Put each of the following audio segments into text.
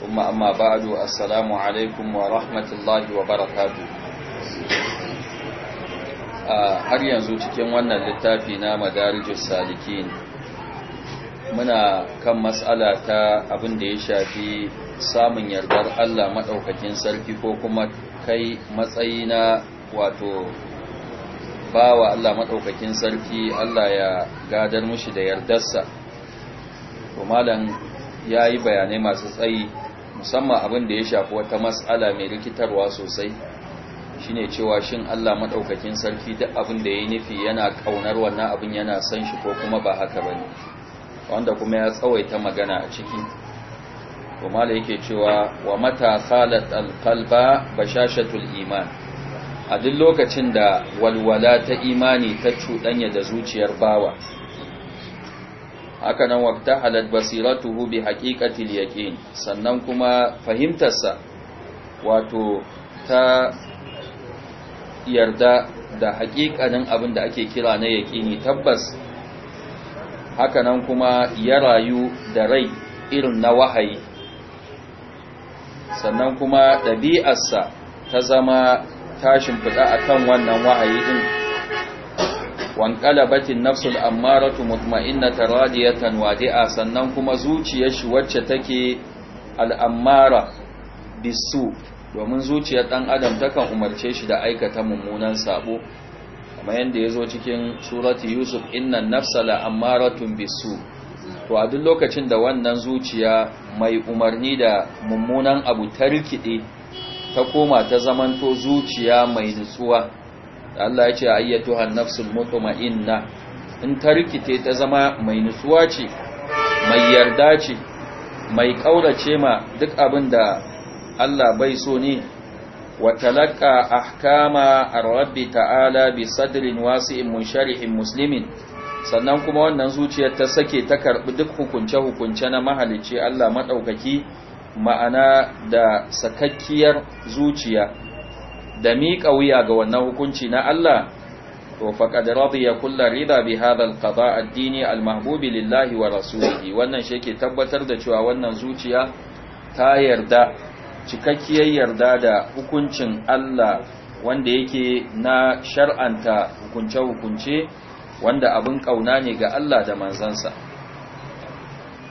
ثم أما بعد السلام عليكم ورحمة الله وبركاته har yanzu cikin wannan littafi na madarijus salikin muna kan matsala ta abin da ya shafi samun yardar Allah maɗaukakin sarki ko kuma kai matsayi na wato bawa Allah maɗaukakin sarki Allah ya gadar mushi da yardarsa to ya yi bayanai masu tsayi musamman abin da ya shafi wata matsala mai rikitarwa sosai shine cewa shin Allah maɗaukakin sarki duk abin da yayi nufi yana ƙaunar wannan abin yana son shi ko kuma ba haka ba ne, wanda kuma ya tsawaita magana a ciki kuma da yake cewa wa mata khalat alqalba bashashatul iman a duk lokacin da walwala ta imani ta cuɗanya da zuciyar bawa haka nan waqta halat basiratuhu bi haqiqatil yaqin sannan kuma fahimtarsa wato ta yarda da haƙiƙanin abin da ake kira na yaƙini tabbas hakanan kuma ya rayu da rai irin na wahayi sannan kuma ɗabi'arsa ta zama tashin fita a kan wannan wahayi ɗin wankalabatin nafsul ammaratu mutma'innata radiyatan wadi'a sannan kuma zuciyar shi wacce take al'amara bisu domin zuciyar dan adam takan umarce shi da aikata mummunan sabo kamar yadda yazo cikin surati yusuf inna nafsala ammaratun bisu to a duk lokacin da wannan zuciya mai umarni da mummunan abu ta rikide ta koma ta zamanto zuciya mai nutsuwa Allah ya ce ayyatuhan nafsul mutma'inna in ta ta zama mai nutsuwa ce mai yarda ce mai kaurace ma duk abin da Allah bai so ne wa talaqa ahkama ar-rabbi ta'ala bi sadrin wasi'in munsharhin muslimin sannan kuma wannan zuciyar ta sake ta karbi duk hukunce-hukunce na mahalicci Allah madaukaki ma'ana da sakakkiyar zuciya da miƙa wuya ga wannan hukunci na Allah to faqad radiya kullu rida bi hadha al ad-dini al-mahbub lillahi wa rasulihi wannan shi yake tabbatar da cewa wannan zuciya ta yarda cikakkiyar yarda da hukuncin Allah wanda yake na shar'anta hukunce hukunce wanda abin kauna ne ga Allah da manzansa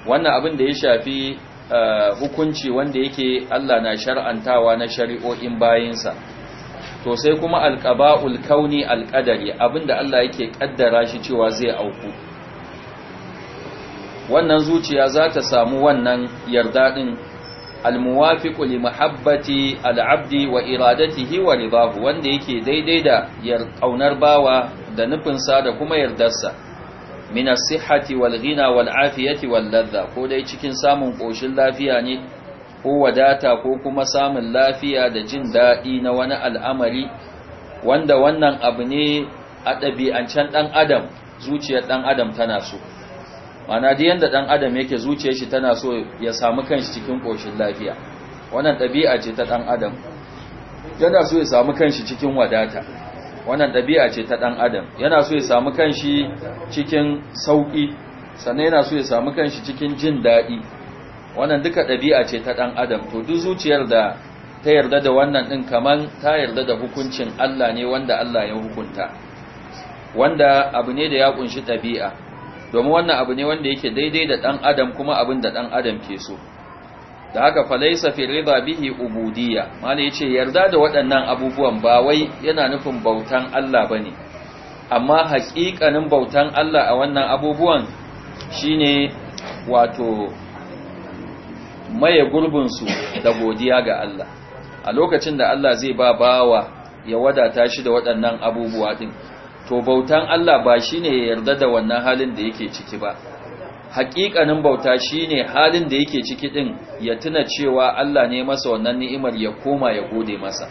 wannan abin da ya shafi eh, hukunci wanda yake Allah na shar'antawa na shari'o'in bayinsa to sai kuma alqaba'ul kauni alqadari abinda Allah yake kaddara shi cewa zai auku wannan zuciya za ta samu wannan yarda din almuwafiqu li mahabbati al'abdi wa iradatihi wa ridahu wanda yake daidai da kaunar bawa da nufin sa da kuma yardarsa min as-sihhati wal ghina wal afiyati wal ladha ko dai cikin samun koshin lafiya ne ko wadata ko kuma samun lafiya da jin daɗi na wani al'amari wanda wannan abu ne a ɗabi'ancen ɗan adam zuciyar ɗan adam tana so mana da yadda ɗan adam yake zuciyar shi tana so ya samu kanshi cikin ƙoshin lafiya wannan ɗabi'a ce ta ɗan adam yana so ya samu kanshi cikin wadata wannan ɗabi'a ce ta ɗan adam yana so ya samu kanshi cikin sauƙi sannan yana so ya samu kanshi cikin jin daɗi wannan duka ɗabi'a ce ta ɗan adam to duk zuciyar da ta yarda da wannan ɗin kaman ta yarda da hukuncin Allah ne wanda Allah ya hukunta wanda abu ne da ya ƙunshi ɗabi'a domin wannan abu ne wanda yake daidai da ɗan adam kuma abin da ɗan adam ke so da haka falaisa fi riba bihi ubudiyya mala yace yarda da waɗannan abubuwan ba wai yana nufin bautan Allah bane amma haƙiƙanin bautan Allah a wannan abubuwan shine wato maye gurbinsu da godiya ga Allah a lokacin da Allah zai ba bawa ya wadata shi da waɗannan abubuwa ɗin to bautan Allah ba shi ne ya yarda da wannan halin da yake ciki ba haƙiƙanin bauta shi ne halin da yake ciki ɗin ya tuna cewa Allah ne masa wannan ni'imar ya koma ya gode masa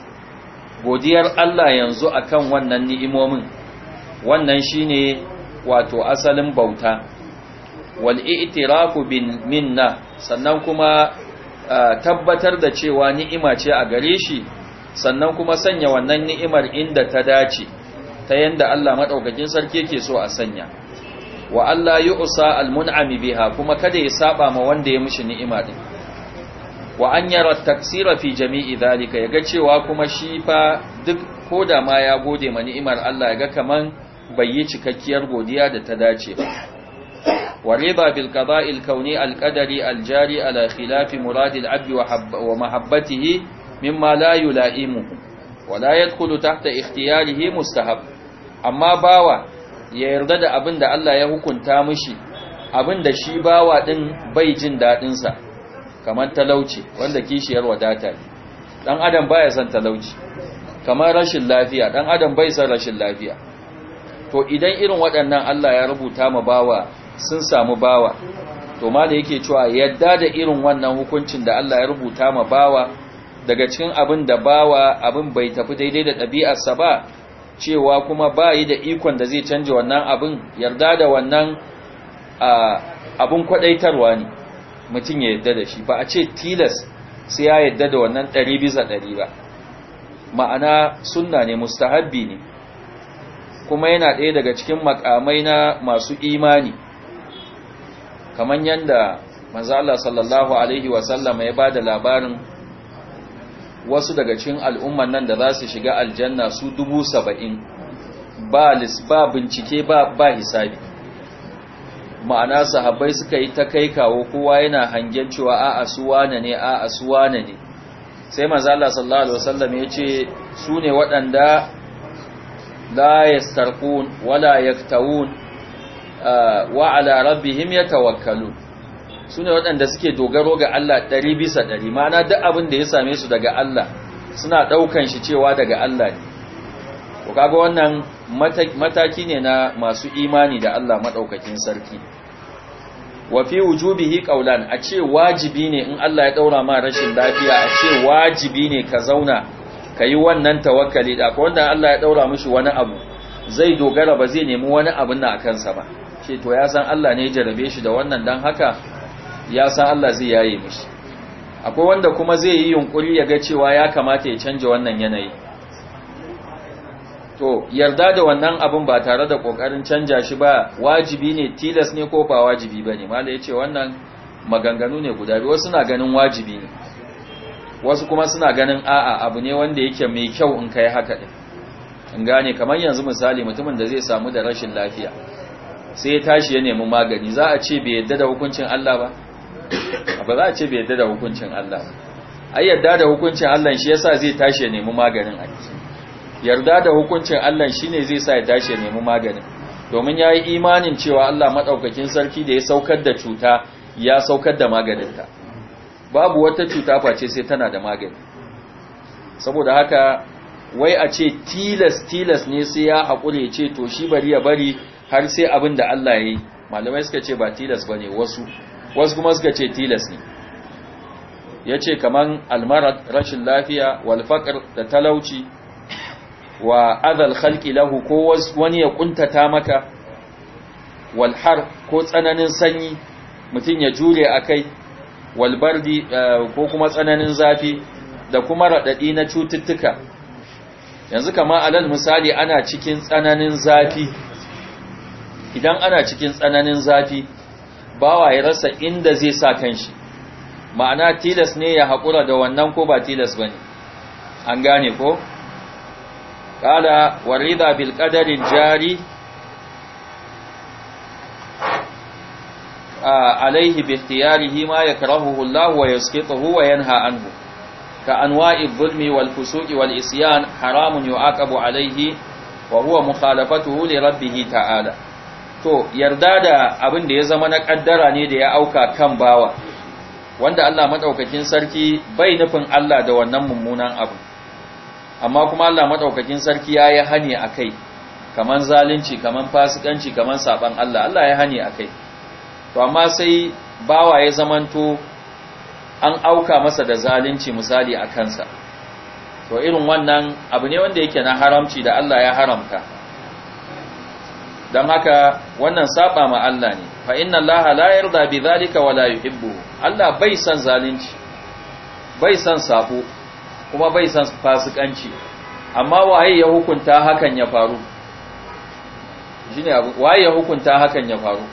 godiyar Allah yanzu akan wannan ni'imomin wannan shi ne wato asalin bauta wal i'tirafu bin minna sannan kuma tabbatar da cewa ni'ima ce a gare shi sannan kuma sanya wannan ni'imar inda ta dace ta yanda Allah madaukakin sarki yake so a sanya wa Allah yu'sa al-mun'ami biha kuma kada ya saba ma wanda ya mishi ni'ima din wa an yara taksira fi jami'i zalika yaga cewa kuma shi fa duk koda ma ya gode ma ni'imar Allah yaga kaman bai yi cikakkiyar godiya da ta dace ba ورضا بالقضاء الكوني القدري الجاري على خلاف مراد العبد ومحبته مما لا يلائمه ولا يدخل تحت اختياره مستحب أما باوى يردد أبن دا الله يهكن تامشي أبن دا شي باوى دن بيجن دا انسى كمان تلوشي وان دا كيش يروى داتا دان أدم بايا سن تلوشي كمان رشل لافيا دان أدم بايا رش رشل لافيا to idan irin waɗannan Allah ya rubuta ma bawa sun samu bawa to ma da yake cewa yadda da irin wannan hukuncin da Allah ya rubuta ma bawa daga cikin abin da bawa abin bai tafi daidai da ɗabi'arsa ba cewa kuma bayi da ikon da zai canja wannan abin yarda da wannan abin kwadaitarwa ne mutum ya yarda da shi ba a ce tilas sai ya yarda da wannan ɗari bisa ɗari ba ma'ana sunna ne mustahabbi ne kuma yana ɗaya daga cikin makamai na masu imani kamar yadda manzala sallallahu alaihi wasallama ya ba da labarin wasu daga cikin al'umman nan da za su shiga aljanna su dubu saba'in ba bincike ba hisabi ma'ana sahabbai suka yi ta kai kawo kowa yana hangen cewa a asuwana ne a asuwana ne sai mazala sallallahu alaihi sallam ya ce su ne waɗanda la yastarqun wala yaktawun wa ala rabbihim yatawakkalun sune waɗanda suke dogaro ga Allah 100 bisa 100 ma'ana duk abin da ya same su daga Allah suna daukan shi cewa daga Allah ne to kaga wannan mataki ne na masu imani da Allah madaukakin sarki wa fi wujubihi qaulan a ce wajibi ne in Allah ya daura ma rashin lafiya a ce wajibi ne ka zauna kayi wannan tawakkali da ko wanda Allah ya daura mishi wani abu zai dogara ba zai nemi wani abin na akan sa ba ce to ya san Allah ne ya jarabe shi da wannan dan haka ya san Allah zai yaye mishi akwai wanda kuma zai yi yunkuri ya ga cewa ya kamata ya canja wannan yanayi to yarda da wannan abin ba tare da kokarin canja shi ba wajibi ne tilas ne ko ba wajibi bane mallai yace wannan maganganu ne guda biyu wasu ganin wajibi ne wasu kuma suna ganin a'a abu ne wanda yake mai kyau in kai haka din in gane kamar yanzu misali mutumin da zai samu da rashin lafiya sai ya tashi ya nemi magani za a ce bai yadda da hukuncin Allah ba ba za a ce bai yadda da hukuncin Allah ba ai yadda da hukuncin Allah shi yasa zai tashi ya nemi maganin aiki. yarda da hukuncin Allah shine zai sa ya tashi ya nemi maganin domin yayi imanin cewa Allah madaukakin sarki da ya saukar da cuta ya saukar da maganinta babu wata cuta face sai tana da magani saboda haka wai a ce tilas tilas ne sai ya haƙure ce to shi bari ya bari har sai abin da Allah ya yi malamai suka ce ba tilas ba ne wasu wasu kuma suka ce tilas ne ya ce kamar almara, rashin lafiya walfakar, da talauci wa azal halki lahu ko wani ya kuntata maka walhar ko tsananin sanyi mutum ya jure a kai walbardi eh, ko kuma tsananin zafi da kuma raɗaɗi na cututtuka yanzu kama alal misali ana cikin tsananin zafi idan ana cikin tsananin zafi bawa ya rasa inda zai sa kanshi ma'ana tilas ne ya haƙura da wannan ko ba tilas ba ne an gane ko ƙala warida bil ƙadarin jari alaihi bi ikhtiyarihi ya yakrahuhu Allah wa yasqituhu wa yanha anhu ka anwa'i dhulmi wal kusuki wal isyan haramun yu'aqabu alaihi wa huwa mukhalafatuhu li rabbih ta'ala to yarda da abin da ya zama na kaddara ne da ya auka kan bawa wanda Allah madaukakin sarki bai nufin Allah da wannan mummunan abu amma kuma Allah madaukakin sarki ya yi hani akai kaman zalunci kaman fasikanci kaman saban Allah Allah ya hani akai to amma sai bawa ya zamanto an auka masa da zalunci misali a kansa to irin wannan abu ne wanda yake na haramci da Allah ya haramta don haka wannan saba ma Allah ne fa inna Allah la yarda bi zalika wala yuhibbu Allah bai san zalunci bai san sabo kuma bai san fasikanci amma waye ya hukunta hakan ya faru shine waye ya hukunta hakan ya faru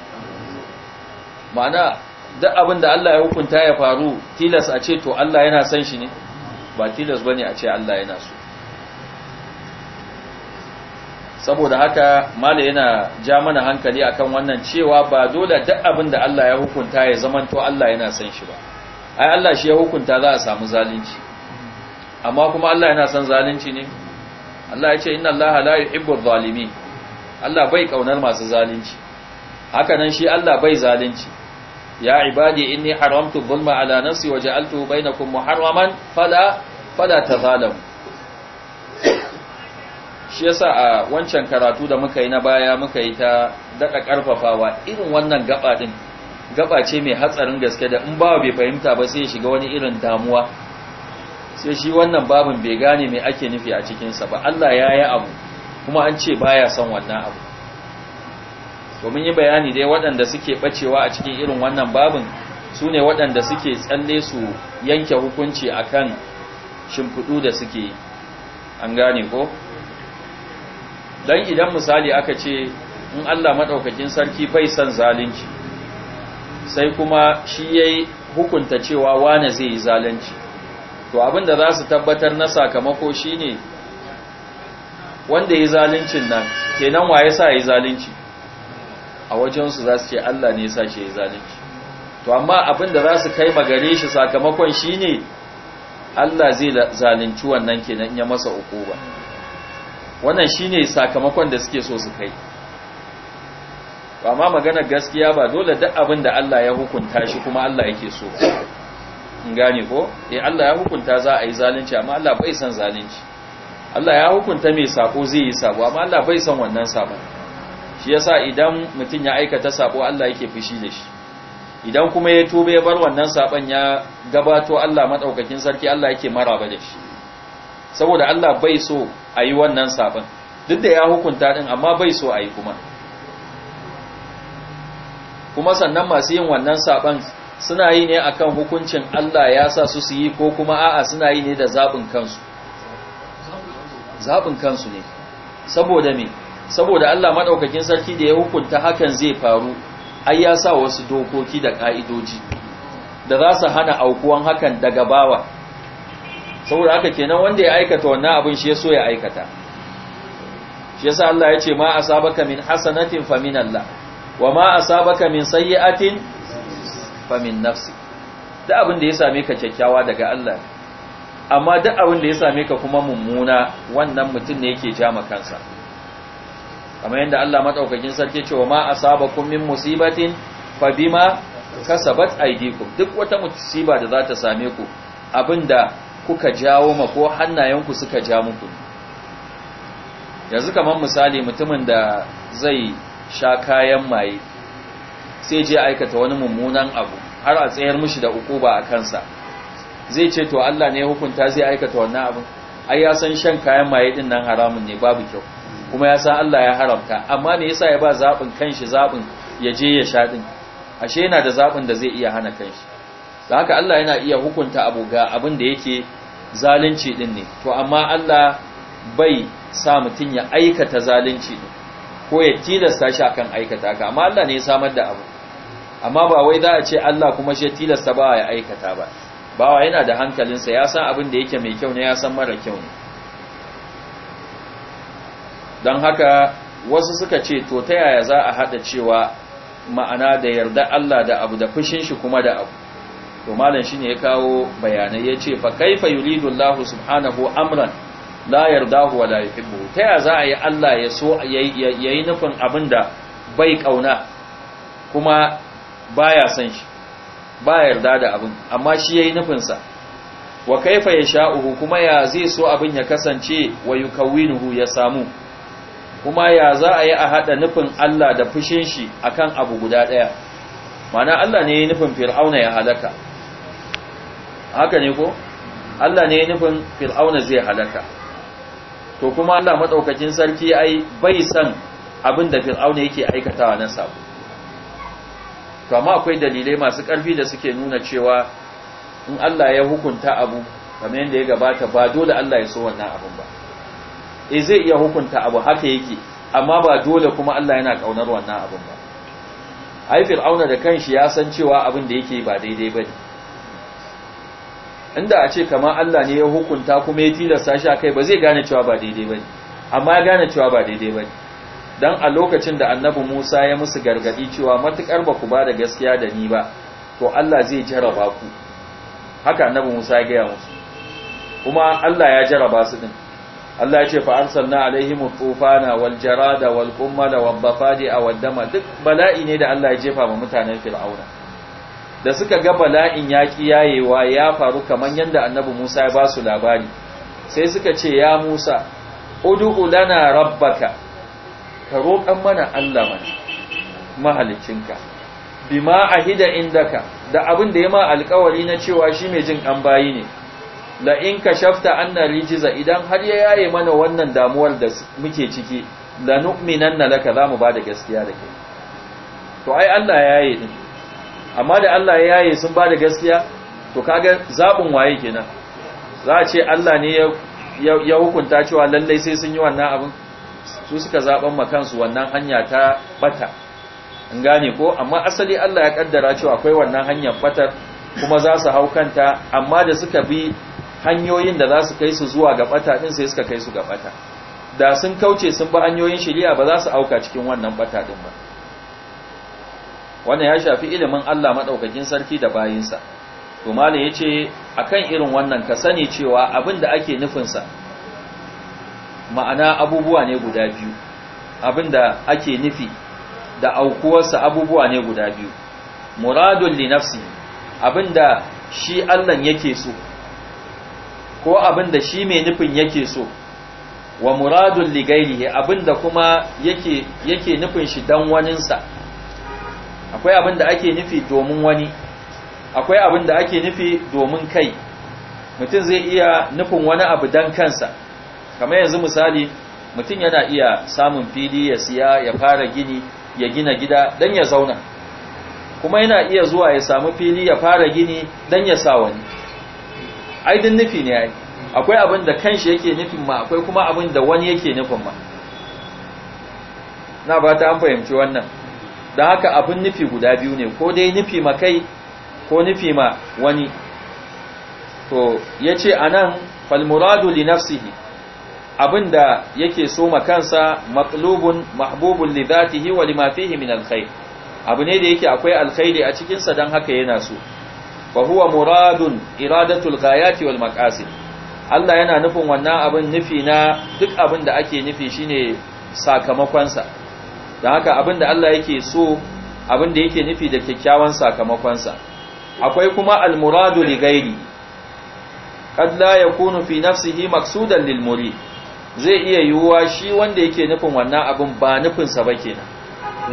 ma'ana duk abin da Allah ya hukunta ya faru tilas a ce to Allah yana san shi ne ba tilas bane a ce Allah yana so saboda haka mala yana ja mana hankali akan wannan cewa ba dole duk abin da Allah ya hukunta ya zamanto Allah yana san shi ba ai Allah shi ya hukunta za a samu zalunci amma kuma Allah yana san zalunci ne Allah ya ce inna Allah la yuhibbu zalimin Allah bai kaunar masu zalunci haka nan shi Allah bai zalunci ya ibadi inni haramtu dhulma ala nafsi wa ja'altuhu bainakum muharraman fala fala tazalamu shi yasa a wancan karatu da muka yi na baya muka yi ta daɗa ƙarfafawa irin wannan gaba ɗin gaba ce mai hatsarin gaske da in ba bai fahimta ba sai ya shiga wani irin damuwa sai shi wannan babin bai gane mai ake nufi a cikinsa ba Allah ya yi abu kuma an ce baya son wannan abu to mun yi bayani dai waɗanda suke ɓacewa a cikin irin wannan babin su ne waɗanda suke tsalle su yanke hukunci akan kan da suke an gane ko dan idan misali aka ce in Allah madaukakin sarki bai san zalunci sai kuma shi yayi hukunta cewa wane zai yi zalunci to abinda za su tabbatar na sakamako shine wanda yi zaluncin nan kenan waye sa yi zalunci a wajensu za su ce Allah ne sa shi yi zalunci to amma abinda za su kai magare shi sakamakon shine Allah zai zalunci wannan kenan ya masa ba. wannan shine sakamakon da suke so su kai amma maganar gaskiya ba dole duk abin da Allah ya hukunta shi kuma Allah yake so in gane ko eh Allah ya hukunta za a yi zalunci amma Allah bai san zalunci Allah ya hukunta mai sako zai yi sako amma Allah bai san wannan sako shi yasa idan mutum ya aikata sako Allah yake fushi da shi idan kuma ya tuba ya bar wannan sakon ya gabato Allah madaukakin sarki Allah yake maraba da shi saboda Allah bai so a yi wannan sabon duk da ya hukunta din amma bai so a yi kuma kuma sannan masu yin wannan sabon suna yi ne akan hukuncin Allah ya sa su su yi ko kuma a'a suna yi ne da zaɓin kansu zaɓin kansu ne saboda me saboda Allah maɗaukakin sarki da ya hukunta hakan zai faru ai ya sa wasu dokoki da ƙa'idoji da za su hana aukuwan hakan daga bawa saboda haka kenan wanda ya aikata wannan abin shi ya so ya aikata shi yasa Allah ya ce ma asabaka min hasanatin fa min Allah wa ma asabaka min sayyi'atin fa min nafsi duk abin da ya same ka kyakkyawa daga Allah amma duk abin da ya same ka kuma mummuna wannan mutum ne yake ja kansa kamar yadda Allah madaukakin sarki ce wa ma asabakum min musibatin fa bima kasabat aydikum duk wata musiba da za ta same ku abinda kuka jawo ma ko hannayenku suka ja muku yanzu kamar misali mutumin da zai sha kayan maye sai je aikata wani mummunan abu har a tsayar mishi da ukuba a kansa zai ce to Allah ne hukunta zai aikata wannan abin ai ya san shan kayan maye din nan haramun ne babu kyau kuma ya san Allah ya haramta amma me yasa ya ba zabin kanshi zabin ya je ya sha din ashe yana da zabin da zai iya hana kanshi da haka Allah yana iya hukunta abu ga abin da yake zalunci din ne to amma Allah bai sa mutum ya aikata zalunci din ko ya tilasta shi akan aikata ka amma Allah ne ya samar da abu amma ba wai za a ce Allah kuma shi tilasta ba ya aikata ba bawa yana da hankalinsa ya san abin da yake mai kyau ne ya san mara kyau ne don haka wasu suka ce to ta yaya za a hada cewa ma'ana da yarda Allah da abu da fushin shi kuma da abu to malam shine ya kawo bayanai yace fa kaifa yuridu Allah subhanahu amran la yardahu wa la yuhibbu ta ya za a yi Allah ya so yayi nufin abinda bai kauna kuma baya son shi ba yarda da abin amma shi yayi nufin sa wa kaifa yasha'uhu kuma ya zai so abin ya kasance wa yukawinuhu ya samu kuma ya za a yi a hada nufin Allah da fushin shi akan abu guda daya mana Allah ne ya yi nufin fir'auna ya halaka haka ne ko Allah ne ya nufin fir'auna zai halaka to kuma Allah madaukakin sarki ai bai san abin da fir'auna yake aikatawa na sabu to amma akwai dalilai masu ƙarfi da suke nuna cewa in Allah ya hukunta abu kamar yadda ya gabata ba dole Allah ya so wannan abin ba eh zai iya hukunta abu haka yake amma ba dole kuma Allah yana kaunar wannan abin ba ai fir'auna da kanshi ya san cewa abin da yake ba daidai bane inda a ce kama Allah ne ya hukunta kuma ya tilasta shi akai ba zai gane cewa ba daidai bane amma ya gane cewa ba daidai bane dan a lokacin da annabi Musa ya musu gargadi cewa matukar ba ku ba da gaskiya da ni ba to Allah zai jaraba ku haka annabi Musa ya gaya musu kuma Allah ya jaraba su din Allah ya ce fa arsalna alaihim tufana wal jarada wal da wal bafadi aw dama duk bala'i ne da Allah ya jefa wa mutanen fir'auna da suka ga bala'in yaƙi yayewa ya faru kamar yadda annabi Musa ya basu su labari sai suka ce ya Musa ud'u lana rabbaka ka roƙan mana Allah mana mahalicinka bima ahida indaka da abin da ya ma alƙawari na cewa shi mai jin an bayi ne la in kashafta anna rijiza idan har ya yaye mana wannan damuwar da muke ciki la nu'minanna laka zamu bada gaskiya da kai to ai Allah ya yaye din amma da Allah ya yaye sun ba da gaskiya to kaga zabin waye kenan za a ce Allah ne ya hukunta cewa lallai sai sun yi wannan abin su suka ma makansu wannan hanya ta bata in gane ko amma asali Allah ya kaddara cewa akwai wannan hanyar batar kuma za su hau kanta amma da suka bi hanyoyin da za su kai su zuwa ga bata din sai suka kai su ga bata da sun kauce sun bi hanyoyin shari'a ba za su auka cikin wannan bata din ba wannan ya shafi ilimin Allah madaukakin sarki da bayinsa to malam yace akan irin wannan ka sani cewa abin da ake nufin sa ma'ana abubuwa ne guda biyu abin da ake nufi da aukuwarsa abubuwa ne guda biyu muradun li nafsi abin da shi Allah yake so ko abin da shi mai nufin yake so wa muradun li gairihi abin da kuma yake yake nufin shi dan waninsa akwai abin da ake nufi domin wani akwai abin da ake nufi domin kai mutum zai iya nufin wani abu dan kansa kamar yanzu misali mutum yana iya samun fili ya siya ya fara gini ya gina gida don ya zauna kuma yana iya zuwa ya samu fili ya fara gini don ya sa wani aidin nufi ne ai akwai abin da kanshi yake nufin ma akwai kuma abin da wani yake nufin ma na ba ta an fahimci wannan da haka abin nufi guda biyu ne ko dai nufi ma kai ko nufi ma wani to ya ce a nan falmuradu li nafsihi abin da yake so ma kansa matlubun mahbubun li zatihi wa lima fihi min alkhair abu ne da yake akwai alkhairi a cikinsa don haka yana so fa huwa muradun iradatul ghayati wal maqasid Allah yana nufin wannan abin nufi na duk abin da ake nufi shine sakamakonsa sa da haka abin da Allah yake so abin da yake nufi da kyakkyawan sakamakonsa akwai kuma almuradu li ghairi qad la yakunu fi nafsihi maqsudan lil murid zai iya yiwuwa shi wanda yake nufin wannan abin ba nufinsa ba kenan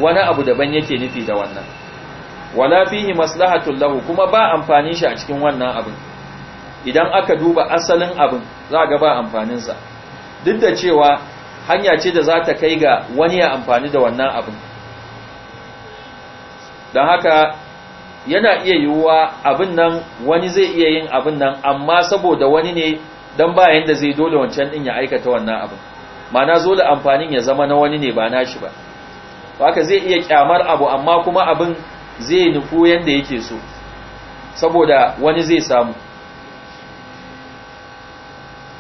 wani abu daban yake nufi da wannan wala fihi maslahatul lahu kuma ba amfanin shi a cikin wannan abin idan aka duba asalin abin za ga ba amfaninsa duk da cewa hanya ce da za ta kai ga wani ya amfani da wannan abin don haka yana iya yiwuwa abin nan wani zai iya yin abin nan amma saboda wani ne don bayan da zai dole wancan din ya aikata wannan abin mana zole amfanin ya zama na wani ne ba na shi ba haka zai iya kyamar abu amma kuma abin zai nufu yadda yake so saboda wani zai samu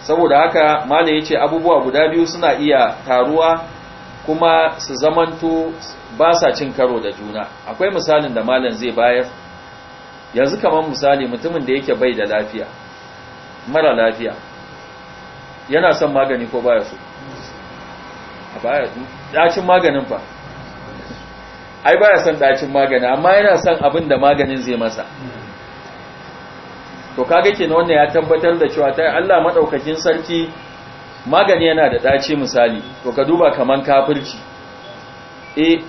saboda haka malam yace abubuwa guda biyu suna iya taruwa kuma su zamanto ba sa cin karo da juna akwai misalin da malam zai bayar yanzu kamar misali mutumin da yake bai da lafiya mara lafiya yana son magani ko baya so A baya dacin maganin fa ai baya son dacin magani amma yana son abin da maganin zai masa to kaga kenan wannan ya tabbatar da cewa ta Allah madaukakin sarki magani yana da dace misali to ka duba kaman kafirci eh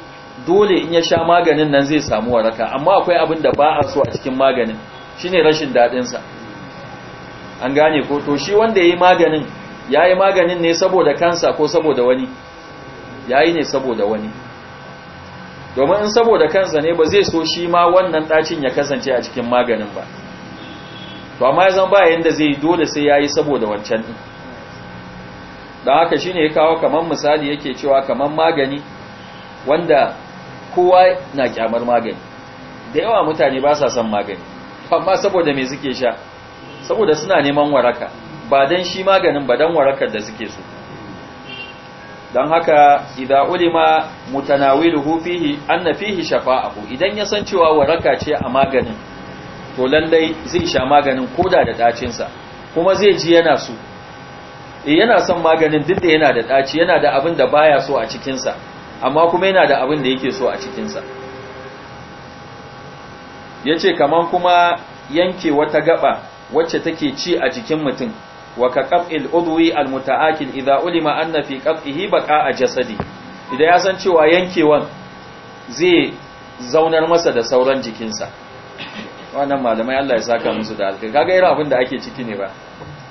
dole in ya sha maganin nan zai samu waraka amma akwai abin da ba a so a cikin maganin shine rashin dadin sa an gane ko to shi wanda yayi maganin yayi maganin ne saboda kansa ko saboda wani yayi ne saboda wani domin in saboda kansa ne ba zai so shi ma wannan dacin ya kasance a cikin maganin ba to amma ya zama ba yanda zai dole sai yayi saboda wancan din dan haka shine ya kawo kaman misali yake cewa kaman magani wanda kowa na kyamar magani da yawa mutane ba sa son magani amma saboda me suke sha saboda suna neman waraka ba dan shi maganin ba dan warakar da suke so don haka idza ulima mutanawiluhu fihi anna fihi shafa'ahu idan ya san cewa waraka ce a maganin to lallai zai sha maganin koda da dacinsa kuma zai ji yana so eh yana son maganin duk da yana da ɗaci, yana da abin da baya so a cikinsa amma kuma yana da abin da yake so a cikinsa yace kamar kuma yanke wata gaba wacce take ci a jikin mutum wa ka udwi al muta'akil idza ulima anna fi qaf'ihi a jasadi idan ya san cewa yankewan zai zaunar masa da sauran jikinsa wannan malamai Allah ya saka musu da alkai kaga irin abin da ake ciki ne ba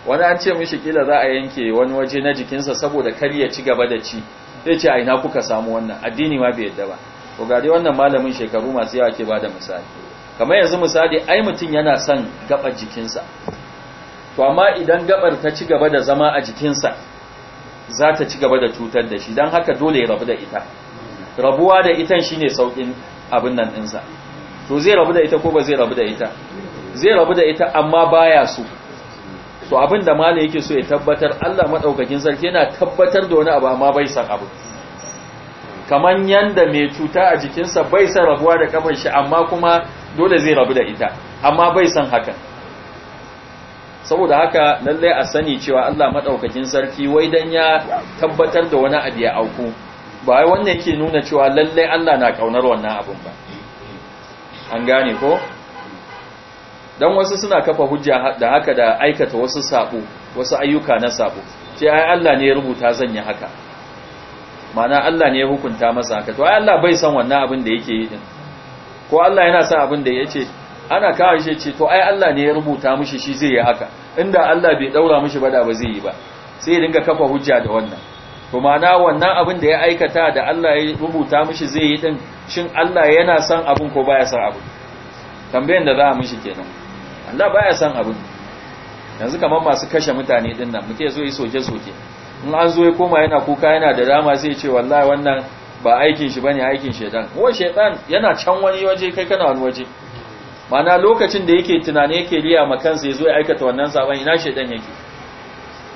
wani an ce mishi kila za a yanke wani waje na jikinsa saboda kar ya ci gaba da ci sai ce a ina kuka samu wannan addini ma bai yadda ba to ga dai wannan malamin shekaru masu yawa ke bada misali kamar yanzu misali ai mutum yana son gabar jikinsa to amma idan gabar ta ci gaba da zama a jikinsa za ta ci gaba da cutar da shi don haka dole ya rabu da ita rabuwa da itan shine saukin abin nan ɗinsa to zai rabu da ita ko ba zai rabu da ita zai rabu da ita amma baya so to abin da malai yake so ya tabbatar Allah madaukakin sarki yana tabbatar da wani abu amma bai san abu kaman yanda mai cuta a jikinsa bai san rabuwa da kafar shi amma kuma dole zai rabu da ita amma bai san hakan saboda haka lallai a sani cewa Allah madaukakin sarki wai dan ya tabbatar da wani abu ya auku ba wai wannan yake nuna cewa lallai Allah na kaunar wannan abun ba an gane ko dan wasu suna kafa hujja da haka da aikata wasu sabo wasu ayyuka na sabo ce ai Allah ne ya rubuta zan yi haka mana Allah ne ya hukunta masa haka to ai Allah bai san wannan abin da yake yi din ko Allah yana san abin da yake ana kawo shi ce to ai Allah ne ya rubuta mishi shi zai yi haka inda Allah bai daura mishi ba da ba zai yi ba sai ya dinga kafa hujja da wannan to na wannan abin da ya aikata da Allah ya rubuta mishi zai yi din shin Allah yana son abin ko baya son abin tambayan da za a mishi kenan Allah baya son abin yanzu kamar masu kashe mutane din nan muke so yi soke soke in an zo ya koma yana kuka yana da dama sai ce wallahi wannan ba aikin shi bane aikin shedan ko shedan yana can wani waje kai kana wani waje mana lokacin da yake tunani yake riya ma kansa yazo ya aikata wannan saban ina shedan yake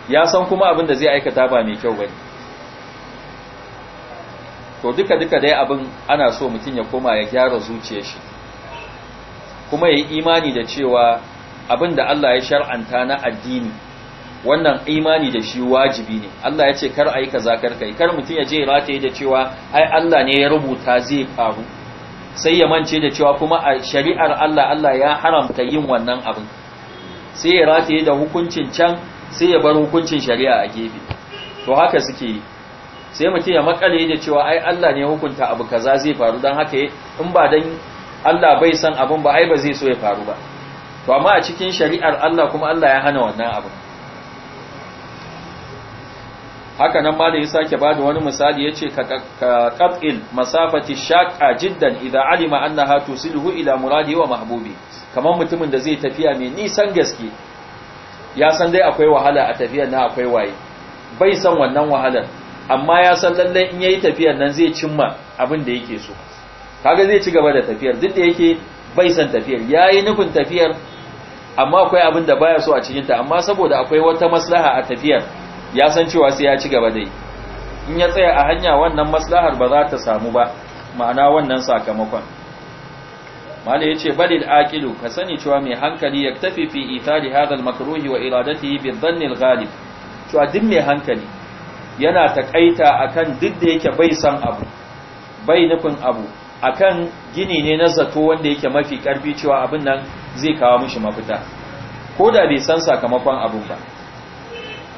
ya san kuma abin da zai aikata ba mai kyau bane to duka duka dai abin ana so mutum ya koma ya gyara zuciya shi kuma ya yi imani da cewa abin da Allah ya shar'anta na addini wannan imani da shi wajibi ne Allah ya ce kar a yi kaza kar kai kar mutum ya je rataye da cewa ai Allah ne ya rubuta zai faru sai ya mance da cewa kuma a shari'ar Allah Allah ya haramta yin wannan abin sai ya rataye da hukuncin can sai ya bar hukuncin shari'a a gefe to haka suke yi sai mutum ya makale da cewa ai Allah ne hukunta abu kaza zai faru dan haka in ba dan Allah bai san abin ba ai ba zai so ya faru ba to amma a cikin shari'ar Allah kuma Allah ya hana wannan abu haka nan ma da ya sake bada wani misali yace ka qat'il masafati shaqqa jiddan idza alima annaha tusilhu ila muradi wa mahbubi kamar mutumin da zai tafiya mai nisan gaske ya san dai akwai wahala a tafiyar na akwai waye bai san wannan wahalar amma ya san lallai in yayi tafiyar nan zai cimma abin da yake so kaga zai ci gaba da tafiyar duk da yake bai san tafiyar yayi nufin tafiyar amma akwai abin da baya so a cikin ta amma saboda akwai wata maslaha a tafiyar ya san cewa sai ya ci gaba dai in ya tsaya a hanya wannan maslahar ba za ta samu ba ma'ana wannan sakamakon malai yace balil aqilu ka sani cewa mai hankali yaktafi fi ithali hadha al makruhi wa iradatihi bi dhanni al ghalib cewa duk mai hankali yana taƙaita akan duk da yake bai san abu bai nufin abu akan gini ne na zato wanda yake mafi ƙarfi cewa abin nan zai kawo mishi mafita ko da bai san sakamakon abin ba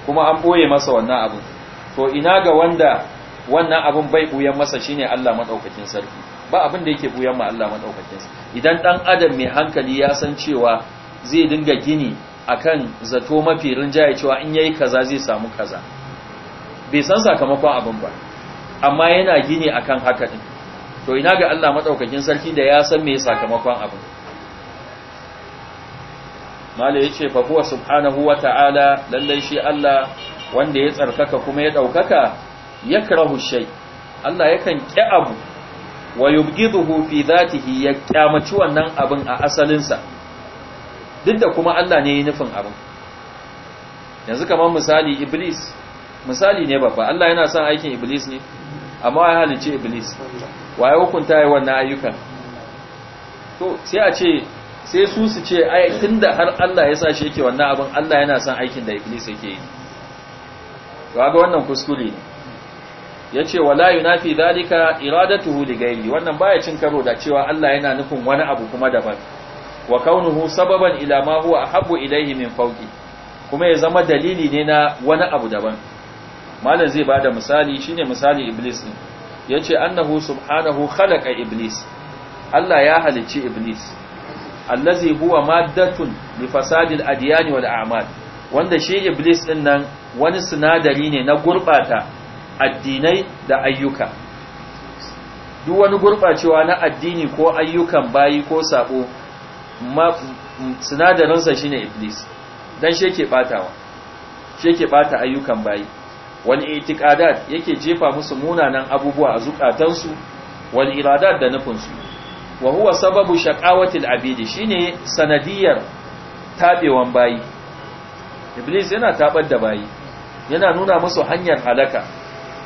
kuma an ɓoye masa wannan abin to ina ga wanda wannan abin bai ɓuyan masa shine Allah maɗaukakin sarki ba abin da yake ɓuyan ma Allah maɗaukakin sarki idan ɗan adam mai hankali ya san cewa zai dinga gini akan zato mafi rinjaye cewa in yayi kaza zai samu kaza bai san sakamakon abin ba amma yana gini akan haka din to ina ga Allah madaukakin sarki da ya san me sakamakon abin malai yace fa huwa subhanahu wa ta'ala lallai shi Allah wanda ya tsarkaka kuma ya daukaka yakrahu shay Allah yakan ki abu wa yubghiduhu fi dhatihi ya kyamaci wannan abin a asalin sa duk da kuma Allah ne ya nufin abin yanzu kamar misali iblis misali ne babba Allah yana son aikin iblis ne amma ya halice iblis waye hukunta yi wannan ayyukan to sai a ce sai su su ce ai tunda har Allah ya sa shi yake wannan abin Allah yana son aikin da iblis yake yi to ga wannan kuskure ne yace wala yunafi zalika iradatuhu li ghairi wannan baya cin karo da cewa Allah yana nufin wani abu kuma daban wa kaunuhu sababan ila ma huwa ahabbu ilayhi min fawqi kuma ya zama dalili ne na wani abu daban malam zai bada misali shine misali iblis Ya yace annahu subhanahu khalaqa iblis Allah ya halicci iblis allazi huwa maddatun li fasadil adyani wal a'mal wanda shi iblis din nan wani sinadari ne na gurbata addinai da ayyuka duk wani gurbacewa na addini ko ayyukan bayi ko sabo sinadarinsa shine iblis dan shi yake batawa shi bata ayyukan bayi Wani itiqadat yake jefa musu munanan abubuwa a zukatansu wal iradat da nufinsu wa huwa sababu shaqawatil abidi shine sanadiyar tabewan bayi iblis yana tabar da bayi yana nuna musu hanyar halaka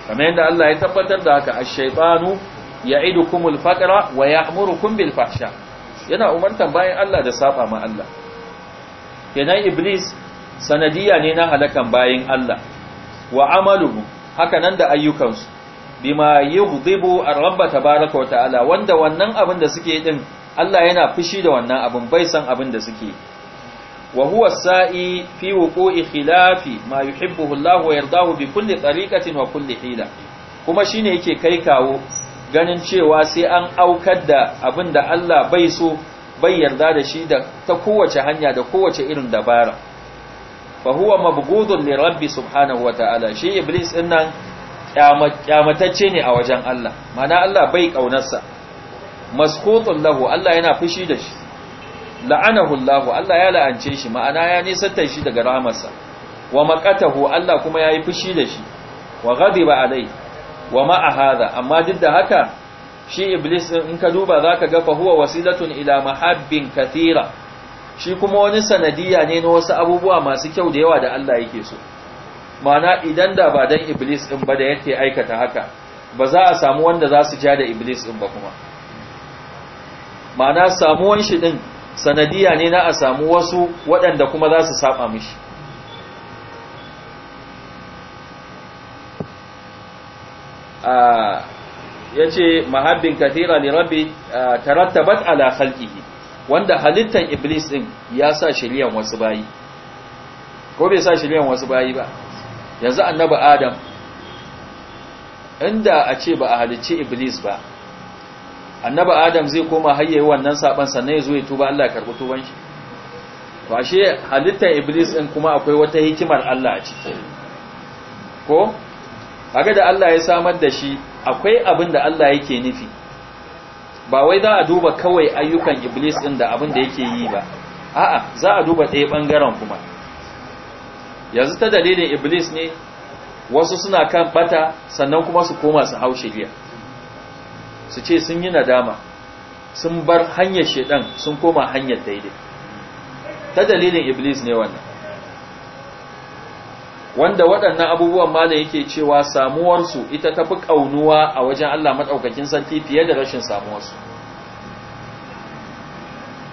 kamar yadda Allah ya tabbatar da haka ash-shaytanu ya'idukumul faqra wa ya'murukum bil fahsha yana umartan bayan Allah da saba ma Allah kenan iblis sanadiyya ne na halakan bayin Allah wa amaluhu haka nan da ayyukansu bima yughdibu ar-rabb tabaaraka wa ta'ala wanda wannan abin da suke din Allah yana fushi da wannan abin bai san abin da suke wa huwa sa'i fi wuqu'i khilafi ma yuhibbuhu Allah wa yardahu bi kulli tariqatin wa kulli hila kuma shine yake kai kawo ganin cewa sai an aukar da abin da Allah bai so bai yarda da shi da ta kowace hanya da kowace irin dabara fa huwa mabghudun rabbi subhanahu wataala shi iblis din nan kyamatacce ne a wajen Allah mana Allah bai ƙaunarsa. maskutun lahu Allah yana fushi da shi la'anahu Allah Allah ya la'ance shi ma'ana ya nisanta shi daga ramarsa. wa maƙatahu Allah kuma ya yi fushi da shi wa ghadiba alai wa ma amma duk da haka shi iblis in ka duba zaka ga fa huwa wasilatun ila mahabbin kathira shi kuma wani sanadiyya ne na wasu abubuwa masu kyau da yawa da Allah yake so mana idan da ba dan iblis din ba da yake aikata haka ba za a samu wanda za su ja da iblis din ba kuma mana samuwan shi din sanadiyya ne na a samu wasu waɗanda kuma za su saba mishi ya ce mahabbin kathira li rabbi tarattabat ala khalqihi wanda halittan iblis din ya sa shiryan wasu bayi ko bai sa shiryan wasu bayi ba yanzu annabi adam inda a ce ba a halicci iblis ba annabi adam zai koma hayyayi wannan saban sannan ya zo ya tuba Allah ya karbi tuban shi to ashe halittar iblis din kuma akwai wata hikimar Allah a ciki ko kaga da Allah ya samar da shi akwai abin da Allah yake nufi ba wai za a duba kawai ayyukan iblis din da abin da yake yi ba a'a za a duba ɗaya ɓangaren kuma yanzu ta dalilin iblis ne wasu suna kan bata sannan kuma su koma su hau shirya su ce sun yi nadama sun bar hanyar shedan sun koma hanyar daidai ta dalilin iblis ne wannan wanda waɗannan abubuwan malam yake cewa samuwarsu ita tafi ƙaunuwa a wajen Allah maɗaukakin sarki fiye da rashin samuwarsu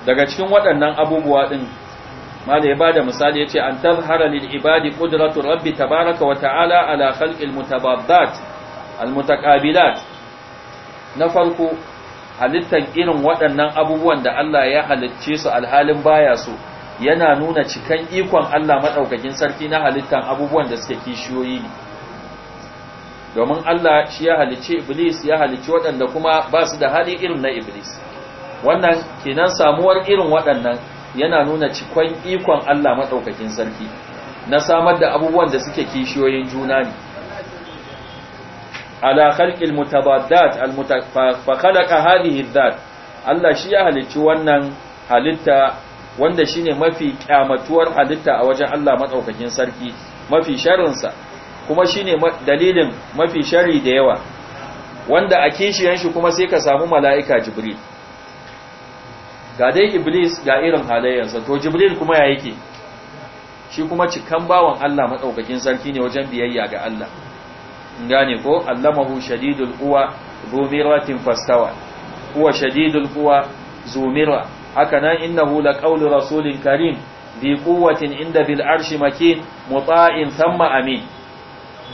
daga cikin waɗannan abubuwa ɗin malam ya ba da misali ya ce an tazhara lil ibadi ƙudratu rabbi tabaraka wa ta'ala ala khalqil mutabaddat al mutaqabilat na farko halittar irin waɗannan abubuwan da Allah ya halicce su alhalin baya so yana nuna cikan ikon Allah maɗaukakin sarki na halittan abubuwan da suke kishiyoyi ne domin Allah shi ya halicci Iblis ya halicci waɗanda kuma ba su da hali irin na Iblis wannan kenan samuwar irin waɗannan yana nuna cikon ikon Allah maɗaukakin sarki na samar da abubuwan da suke kishiyoyin juna ne ala khalqil mutabaddat al khalaqa hadhihi dhat Allah shi ya halicci wannan halitta wanda shine mafi kyamatuwar halitta a wajen Allah madaukakin sarki mafi sharrinsa kuma shine dalilin mafi sharri da yawa wanda a kishiyan shi kuma sai ka samu mala'ika jibril ga dai iblis ga irin halayensa to jibril kuma ya yake shi kuma cikan bawan Allah madaukakin sarki ne wajen biyayya ga Allah gane ko allamahu shadidul quwa zumiratin fastawa huwa shadidul quwa zumira haka nan innahu laqawlu rasulin karim bi quwwatin inda bil arshi makin muta'in thumma amin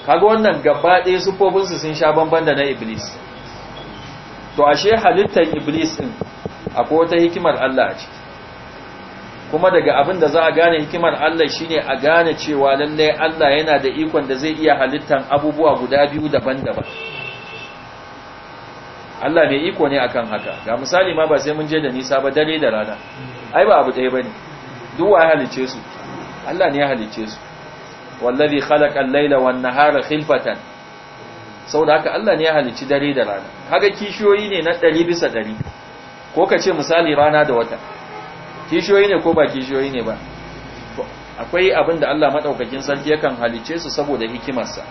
kaga wannan gaba ɗaya sufofin su sun sha bamban da na iblis to ashe halittar iblis din akwai wata hikimar Allah a ciki kuma daga abin da za a gane hikimar Allah shine a gane cewa lallai Allah yana da ikon da zai iya halittar abubuwa guda biyu daban-daban Allah mai iko ne akan haka ga misali ma ba sai mun je da nisa ba dare da rana ai ba abu ɗaya bane duk wa halice su Allah ne ya halice su wallazi khalaqal laila wan nahara khilfatan saboda haka Allah ne ya halici dare da rana kaga kishiyoyi ne na 100 bisa 100 ko ka ce misali rana da wata kishiyoyi ne ko ba kishiyoyi ne ba akwai abin da Allah madaukakin sarki yakan halice su saboda hikimarsa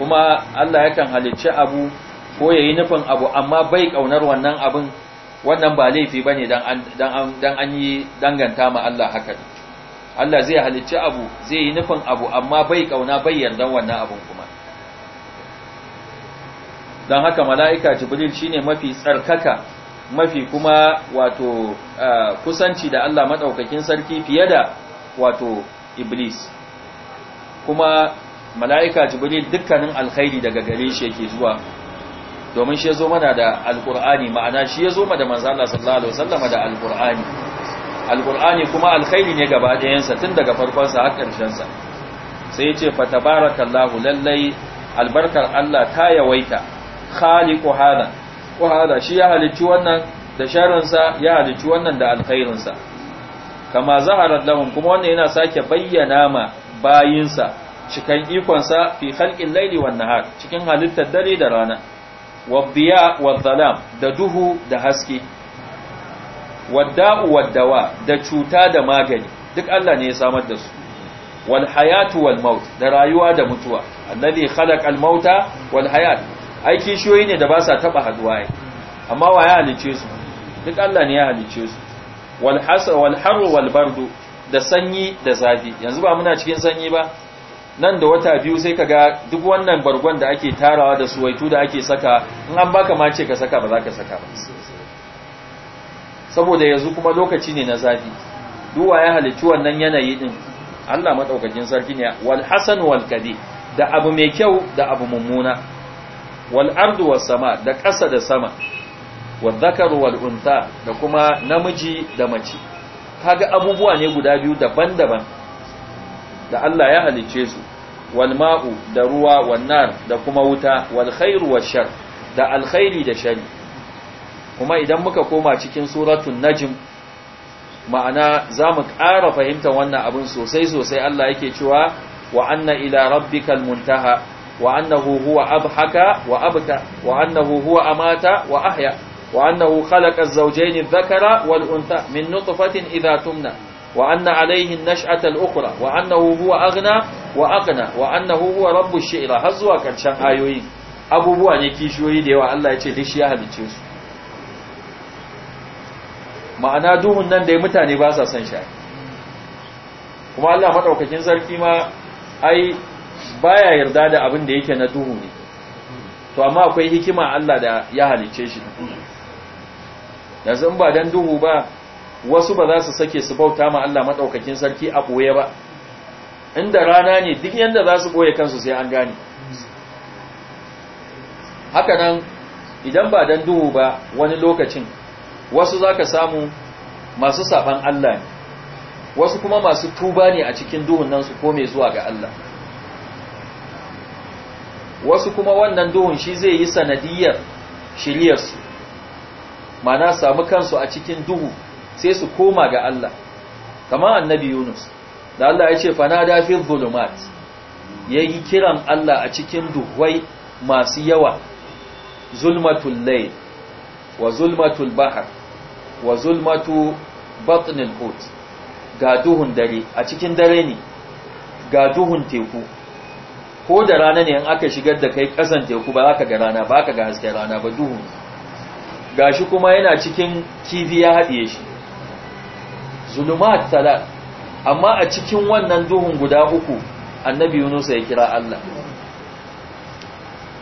kuma Allah yakan halice abu ko yayi nufin abu amma bai kaunar wannan abin wannan ba laifi bane dan dan dan an yi danganta ma Allah haka Allah zai halicci abu zai yi nufin abu amma bai kauna bai yarda wannan abin kuma dan haka mala'ika jibril shine mafi tsarkaka mafi kuma wato kusanci da Allah madaukakin sarki fiye da wato iblis kuma mala'ika jibril dukkanin alkhairi daga gare shi yake zuwa domin shi yazo mana da alkur'ani ma'ana shi yazo mana da manzo Allah sallallahu alaihi wasallam da alkur'ani alkur'ani kuma alkhairi ne gaba ɗayan tun daga farkonsa har ƙarshen sa sai yace fa tabarakallahu lallai albarkar Allah ta yawaita khaliqu hada ko hada shi ya halicci wannan da sharrin sa ya halicci wannan da alkhairin sa kama zaharat lahum kuma wannan yana sake bayyana ma bayinsa cikan ikonsa fi khalqil laili wan nahar cikin halittar dare da rana waddiya wadzalam da duhu da haske wadda'u waddawa da cuta da magani duk Allah ne ya samar da su wal hayatu wal maut da rayuwa da mutuwa annabi khalaqa al mauta wal hayat ai ne da ba sa taba haduwa ai amma wa ya halice su duk Allah ne ya halice su wal hasa wal wal bardu da sanyi da zafi yanzu ba muna cikin sanyi ba nan da wata biyu sai ga duk wannan bargon da ake tarawa da suwaitu da ake saka in an baka ma ce ka saka ba za ka saka ba saboda yanzu kuma lokaci ne na zafi duwa ya halittu wannan yanayi din Allah madaukakin sarki ne wal hasan wal kadi da abu mai kyau da abu mummuna wal ardu was sama da ƙasa da sama wal dhakaru wal unta da kuma namiji da mace ga abubuwa ne guda biyu daban-daban da Allah ya halice su wal ma'u da ruwa wan nar da kuma wuta wal khairu wash da alkhairi da shari kuma idan muka koma cikin suratul najm ma'ana zamu ƙara fahimtar wannan abin sosai sosai Allah yake cewa wa anna ila rabbikal muntaha wa annahu huwa abhaka wa abka wa annahu huwa amata wa ahya wa annahu khalaqa az-zawjayn adh-dhakara wal untha min nutfatin idha tumna wa alaihin alaihi nash'ata al-ukhra wa annahu huwa aghna wa aqna wa annahu huwa rabb al-shi'ra hazu wa kan ayoyi abubuwa ne kishiyoyi da yawa Allah ya ce dishi ya halice su ma'ana duhun nan da mutane ba sa san shi kuma Allah madaukakin sarki ma ai baya yarda da abin da yake na duhu ne to amma akwai hikima Allah da ya halice shi yanzu in ba dan duhu ba wasu ba za su sake su bauta ma Allah madaukakin sarki a boye ba inda rana ne duk yadda za su boye kansu sai an gane haka nan idan ba dan duhu ba wani lokacin wasu zaka samu masu saban Allah ne wasu kuma masu tuba ne a cikin duhun nan su kome zuwa ga Allah wasu kuma wannan duhun shi zai yi sanadiyar shiryarsu mana samu kansu a cikin duhu sai su koma ga Allah kama annabi Yunus da Allah ya ce fanada fi zulumat yayi kiran Allah a cikin duhwai masu yawa zulmatul layl wa zulmatul bahr wa zulmatu batnil hut ga duhun dare a cikin dare ne ga duhun teku ko da rana ne in aka shigar da kai kasan teku ba za ka ga rana ba ka ga hasken rana ba duhun gashi kuma yana cikin kifi ya haɗiye shi zulumat salat amma a cikin wannan duhun guda uku annabi Yunus ya kira Allah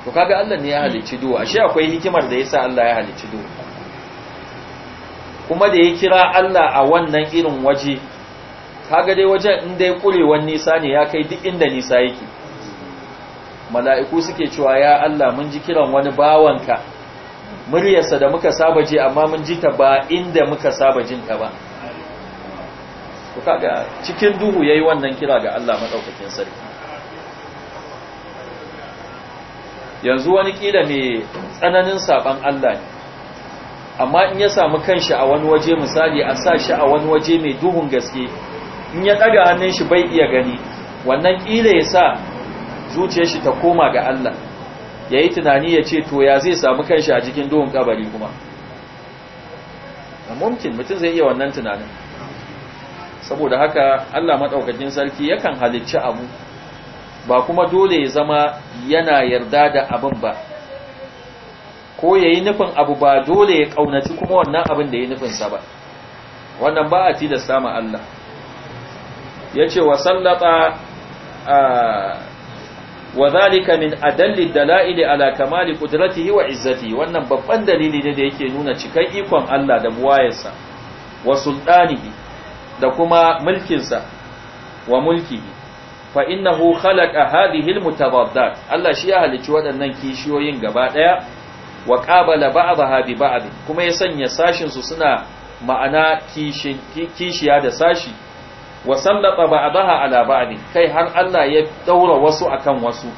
to kaga Allah ne ya halicci duhu ashe akwai hikimar da yasa Allah ya halicci duhu kuma da ya kira Allah a wannan irin waje kaga dai wajen in dai kurewan nisa ne ya kai duk inda nisa yake mala'iku suke cewa ya Allah mun ji kiran wani bawanka muryarsa da muka saba ji amma mun ji ta ba inda muka saba jin ta ba to kaga cikin duhu yayi wannan kira ga Allah madaukakin sarki yanzu wani kila mai tsananin saban Allah ne amma in ya samu kanshi a wani waje misali a sa shi a wani waje mai duhun gaske in ya daga hannun shi bai iya gani wannan kila ya sa zuciyar shi ta koma ga Allah yayi tunani ya ce to ya zai samu kanshi a cikin duhun kabari kuma mumkin mutum zai iya wannan tunanin saboda haka Allah maɗaukakin sarki yakan halicci abu ba kuma dole ya zama yana yarda da abin ba ko ya yi nufin abu ba dole ya ƙaunaci kuma wannan abin da ya nufinsa ba wannan ba a tilasta sama Allah ya ce wa sallata wa zalika min adalli dala'ili ala kamali qudratihi wa izzati wannan babban dalili ne da yake nuna cikar ikon Allah da buwayarsa wa sultanihi da kuma mulkinsa wa mulkihi fa innahu khalaqa hadhihi almutabaddat Allah shi ya halicci waɗannan kishiyoyin gaba ɗaya wa qabala ba'daha bi ba'd kuma ya sanya sashin su suna ma'ana kishin kishiya da sashi wa sallata ba'daha ala ba'd kai har Allah ya daura wasu akan wasu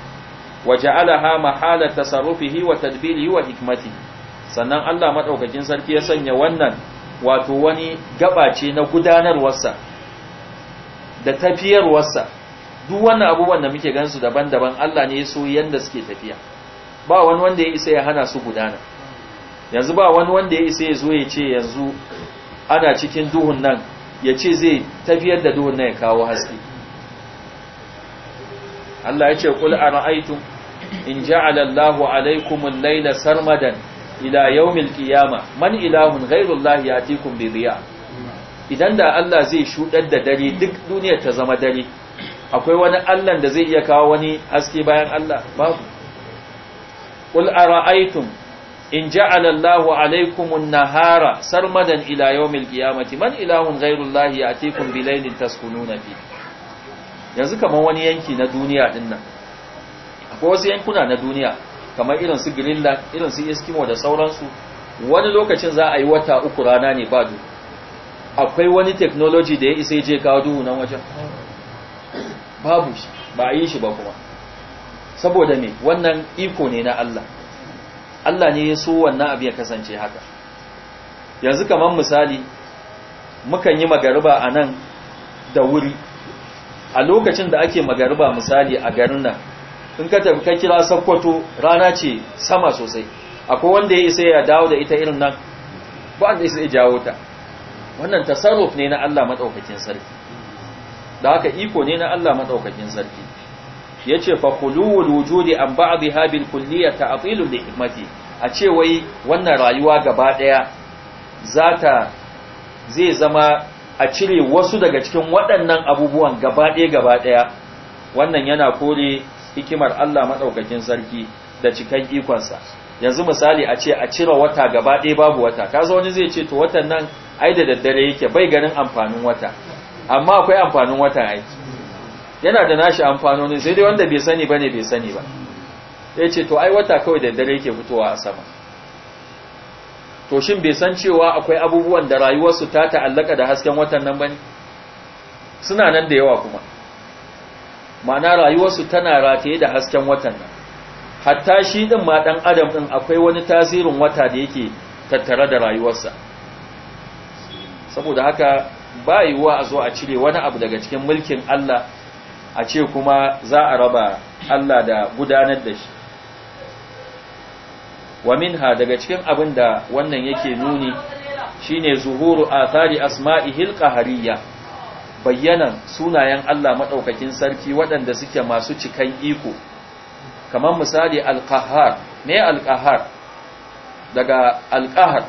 waja'alaha ja'alaha mahala tasarrufihi wa tadbirihi wa hikmatihi sannan Allah madaukakin sarki ya sanya wannan wato wani gaba ce na gudanarwarsa da tafiyarwarsa duk wani abubuwan da muke gansu daban-daban Allah ne ya so yanda suke tafiya ba wani wanda ya isa ya hana su gudana yanzu ba wani wanda ya isa ya zo ya ce yanzu ana cikin duhun nan ya ce zai tafiyar da duhun nan ya kawo haske Allah ya ce kul ara'aytum in ja'ala Allahu alaikum Laila layla sarmadan ila yawmil qiyama man ilahun ghairullahi yatikum bi dhiya idan da Allah zai shudar da dare duk duniyar ta zama dare akwai wani Allah da zai iya kawo wani haske bayan Allah babu qul ara'aytum in ja'ala Allahu alaykumun nahara sarmadan ila yawmil qiyamati man ilahun ghairullahi yatikum bi laylin taskununa fi yanzu kaman wani yanki na duniya dinnan akwai wasu yankuna na duniya kamar irin su greenland irin su eskimo da sauransu wani lokacin za a yi wata uku rana ne ba duhu akwai wani technology da ya isa je kawo duhu nan wajen babu shi ba a yi shi ba kuma saboda me wannan iko ne na Allah Allah ne ya so wannan abu ya kasance haka yanzu kamar misali mukan yi magariba a nan da wuri a lokacin da ake magariba misali a garin nan in ka tafi ka kira sakkwato rana ce sama sosai akwai wanda ya isa ya dawo da ita irin nan ba wanda isa ya jawo ta wannan tasarruf ne na Allah madaukakin sarki da haka iko ne na Allah madaukakin sarki yace fa qulul wujudi an ba'dha bil kulliya ta'tilu li hikmati a ce wai wannan rayuwa gaba daya zata zai zama a cire wasu daga cikin waɗannan abubuwan gaba daya gaba daya wannan yana kore hikimar Allah Maɗaukakin sarki da cikan ikonsa yanzu misali a ce a cire wata gaba ɗaya babu wata Ka zo wani zai ce to watan nan ai da daddare yake bai ganin amfanin wata amma akwai amfanin wata aiki yana da nashi amfanoni sai dai wanda bai sani bane bai sani ba ya ce to ai wata kawai da dare yake fitowa a sama to shin bai san cewa akwai abubuwan da rayuwarsu ta ta'allaka da hasken watan nan bane suna nan da yawa kuma ma'ana rayuwarsu tana rataye da hasken watan nan hatta shi din ma dan adam din akwai wani tasirin wata da yake tattare da rayuwarsa saboda haka ba yiwuwa a zo a cire wani abu daga cikin mulkin Allah a ce kuma za a raba Allah da gudanar da shi wa minha daga cikin abin da wannan yake nuni shine zuhuru athari asma'ihil qahariyah bayyanan sunayen Allah maɗaukakin sarki waɗanda suke masu cikan iko kamar misali alƙahar ne alƙahar daga alƙahar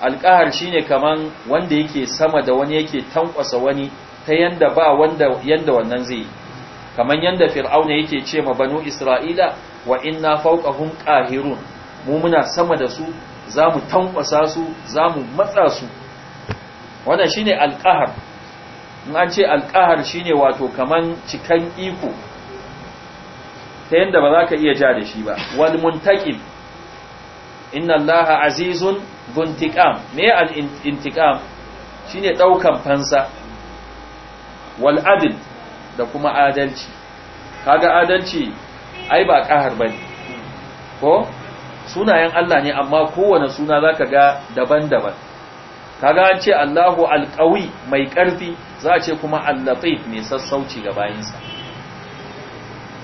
alƙahar shine kaman wanda yake sama da wani yake tankwasa wani ta yanda ba wanda yanda wannan zai kaman yanda fir'auna yake ce ma banu isra'ila wa inna fawqahum qahirun mu muna sama da su zamu tankwasa su zamu matsa su wannan shine alqahar in an ce alqahar shine wato kaman cikan iko ta yanda ba za ka iya ja da shi ba wal muntaqim inna allaha azizun guntiqam me al intiqam shine daukan fansa wal adl da kuma adalci kaga adalci ai ba qahar bane ko sunayen Allah ne amma kowane suna zaka ga daban-daban kaga an ce Allahu alqawi mai karfi za a ce kuma al-latif mai sassauci ga bayinsa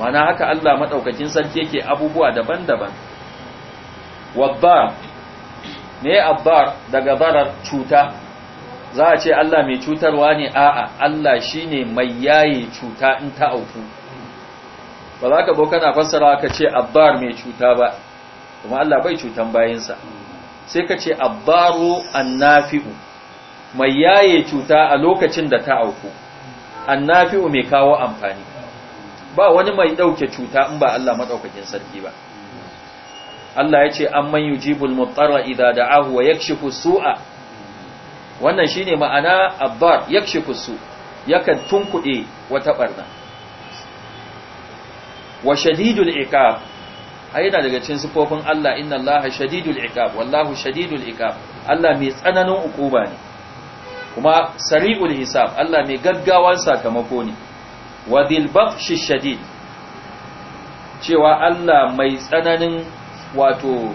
mana haka Allah madaukakin sarki yake abubuwa daban-daban Wabbar ne abbar daga barar cuta za a ce Allah mai cutarwa ne a'a Allah shine mai yaye cuta in ta auku ba za ka bo kana fassara ka ce abbar mai cuta ba kuma Allah bai cutan bayinsa sai ka ce abbaru annafi'u mai yaye cuta a lokacin da ta auku annafi'u mai kawo amfani ba wani mai ɗauke cuta in ba Allah maɗaukakin sarki ba Allah ya ce amman yujibul muttara idza da'ahu wa yakshifu su'a wannan shine ma'ana abbar yakshifu su yakan tunkuɗe wata barna wa shadidul iqab ai yana daga cikin sifofin Allah inna Allaha shadidul iqab wallahu shadidul iqab Allah mai tsananin ukuba ne kuma sari'ul hisab Allah mai gaggawar sakamako ne wa dil bakhsh shadid cewa Allah mai tsananin wato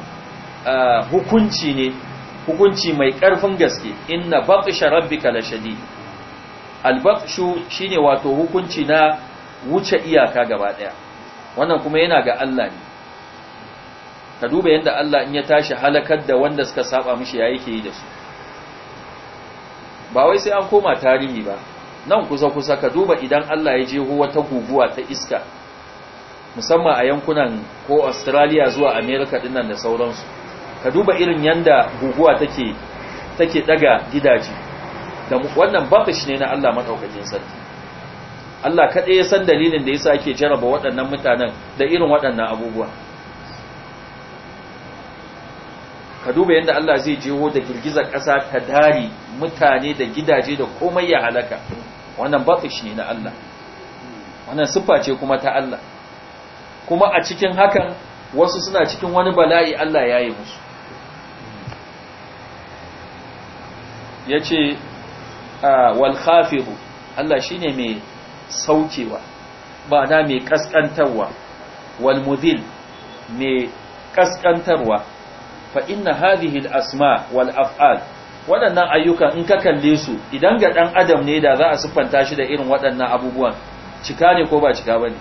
ah, hukunci ne hukunci mai karfin gaske inna bakhsh rabbika la shadid al bakhsh shine wato hukunci na wuce iyaka gaba daya wannan kuma yana ga Allah ne ka duba yadda Allah in ya tashi halakar da wanda suka saba mishi ya yake yi da su ba wai sai an koma tarihi ba nan kusa-kusa ka duba idan Allah ya jeho wata guguwa ta iska musamman a yankunan ko Australia zuwa America nan da sauransu ka duba irin yadda guguwa take take daga gidaje da wannan bakish ne na Allah madaukakin sarki Allah kaɗai ya san dalilin da yasa ake jaraba waɗannan mutanen da irin waɗannan abubuwa ka duba yadda Allah zai jeho da girgizar ƙasa ta dari mutane da gidaje da komai ya halaka wannan batish ne na Allah wannan siffa ce kuma ta Allah kuma a cikin hakan wasu suna cikin wani bala'i Allah ya yi musu ya ce ah, khafiru Allah shi ne mai saukewa ba na mai wal mudil mai ƙasƙantarwa fa inna hadhihi al-asma wal af'al waɗannan ayyukan in ka kalle su idan ga ɗan adam ne da za a siffanta shi da irin waɗannan abubuwan cika ne ko ba cika ba ne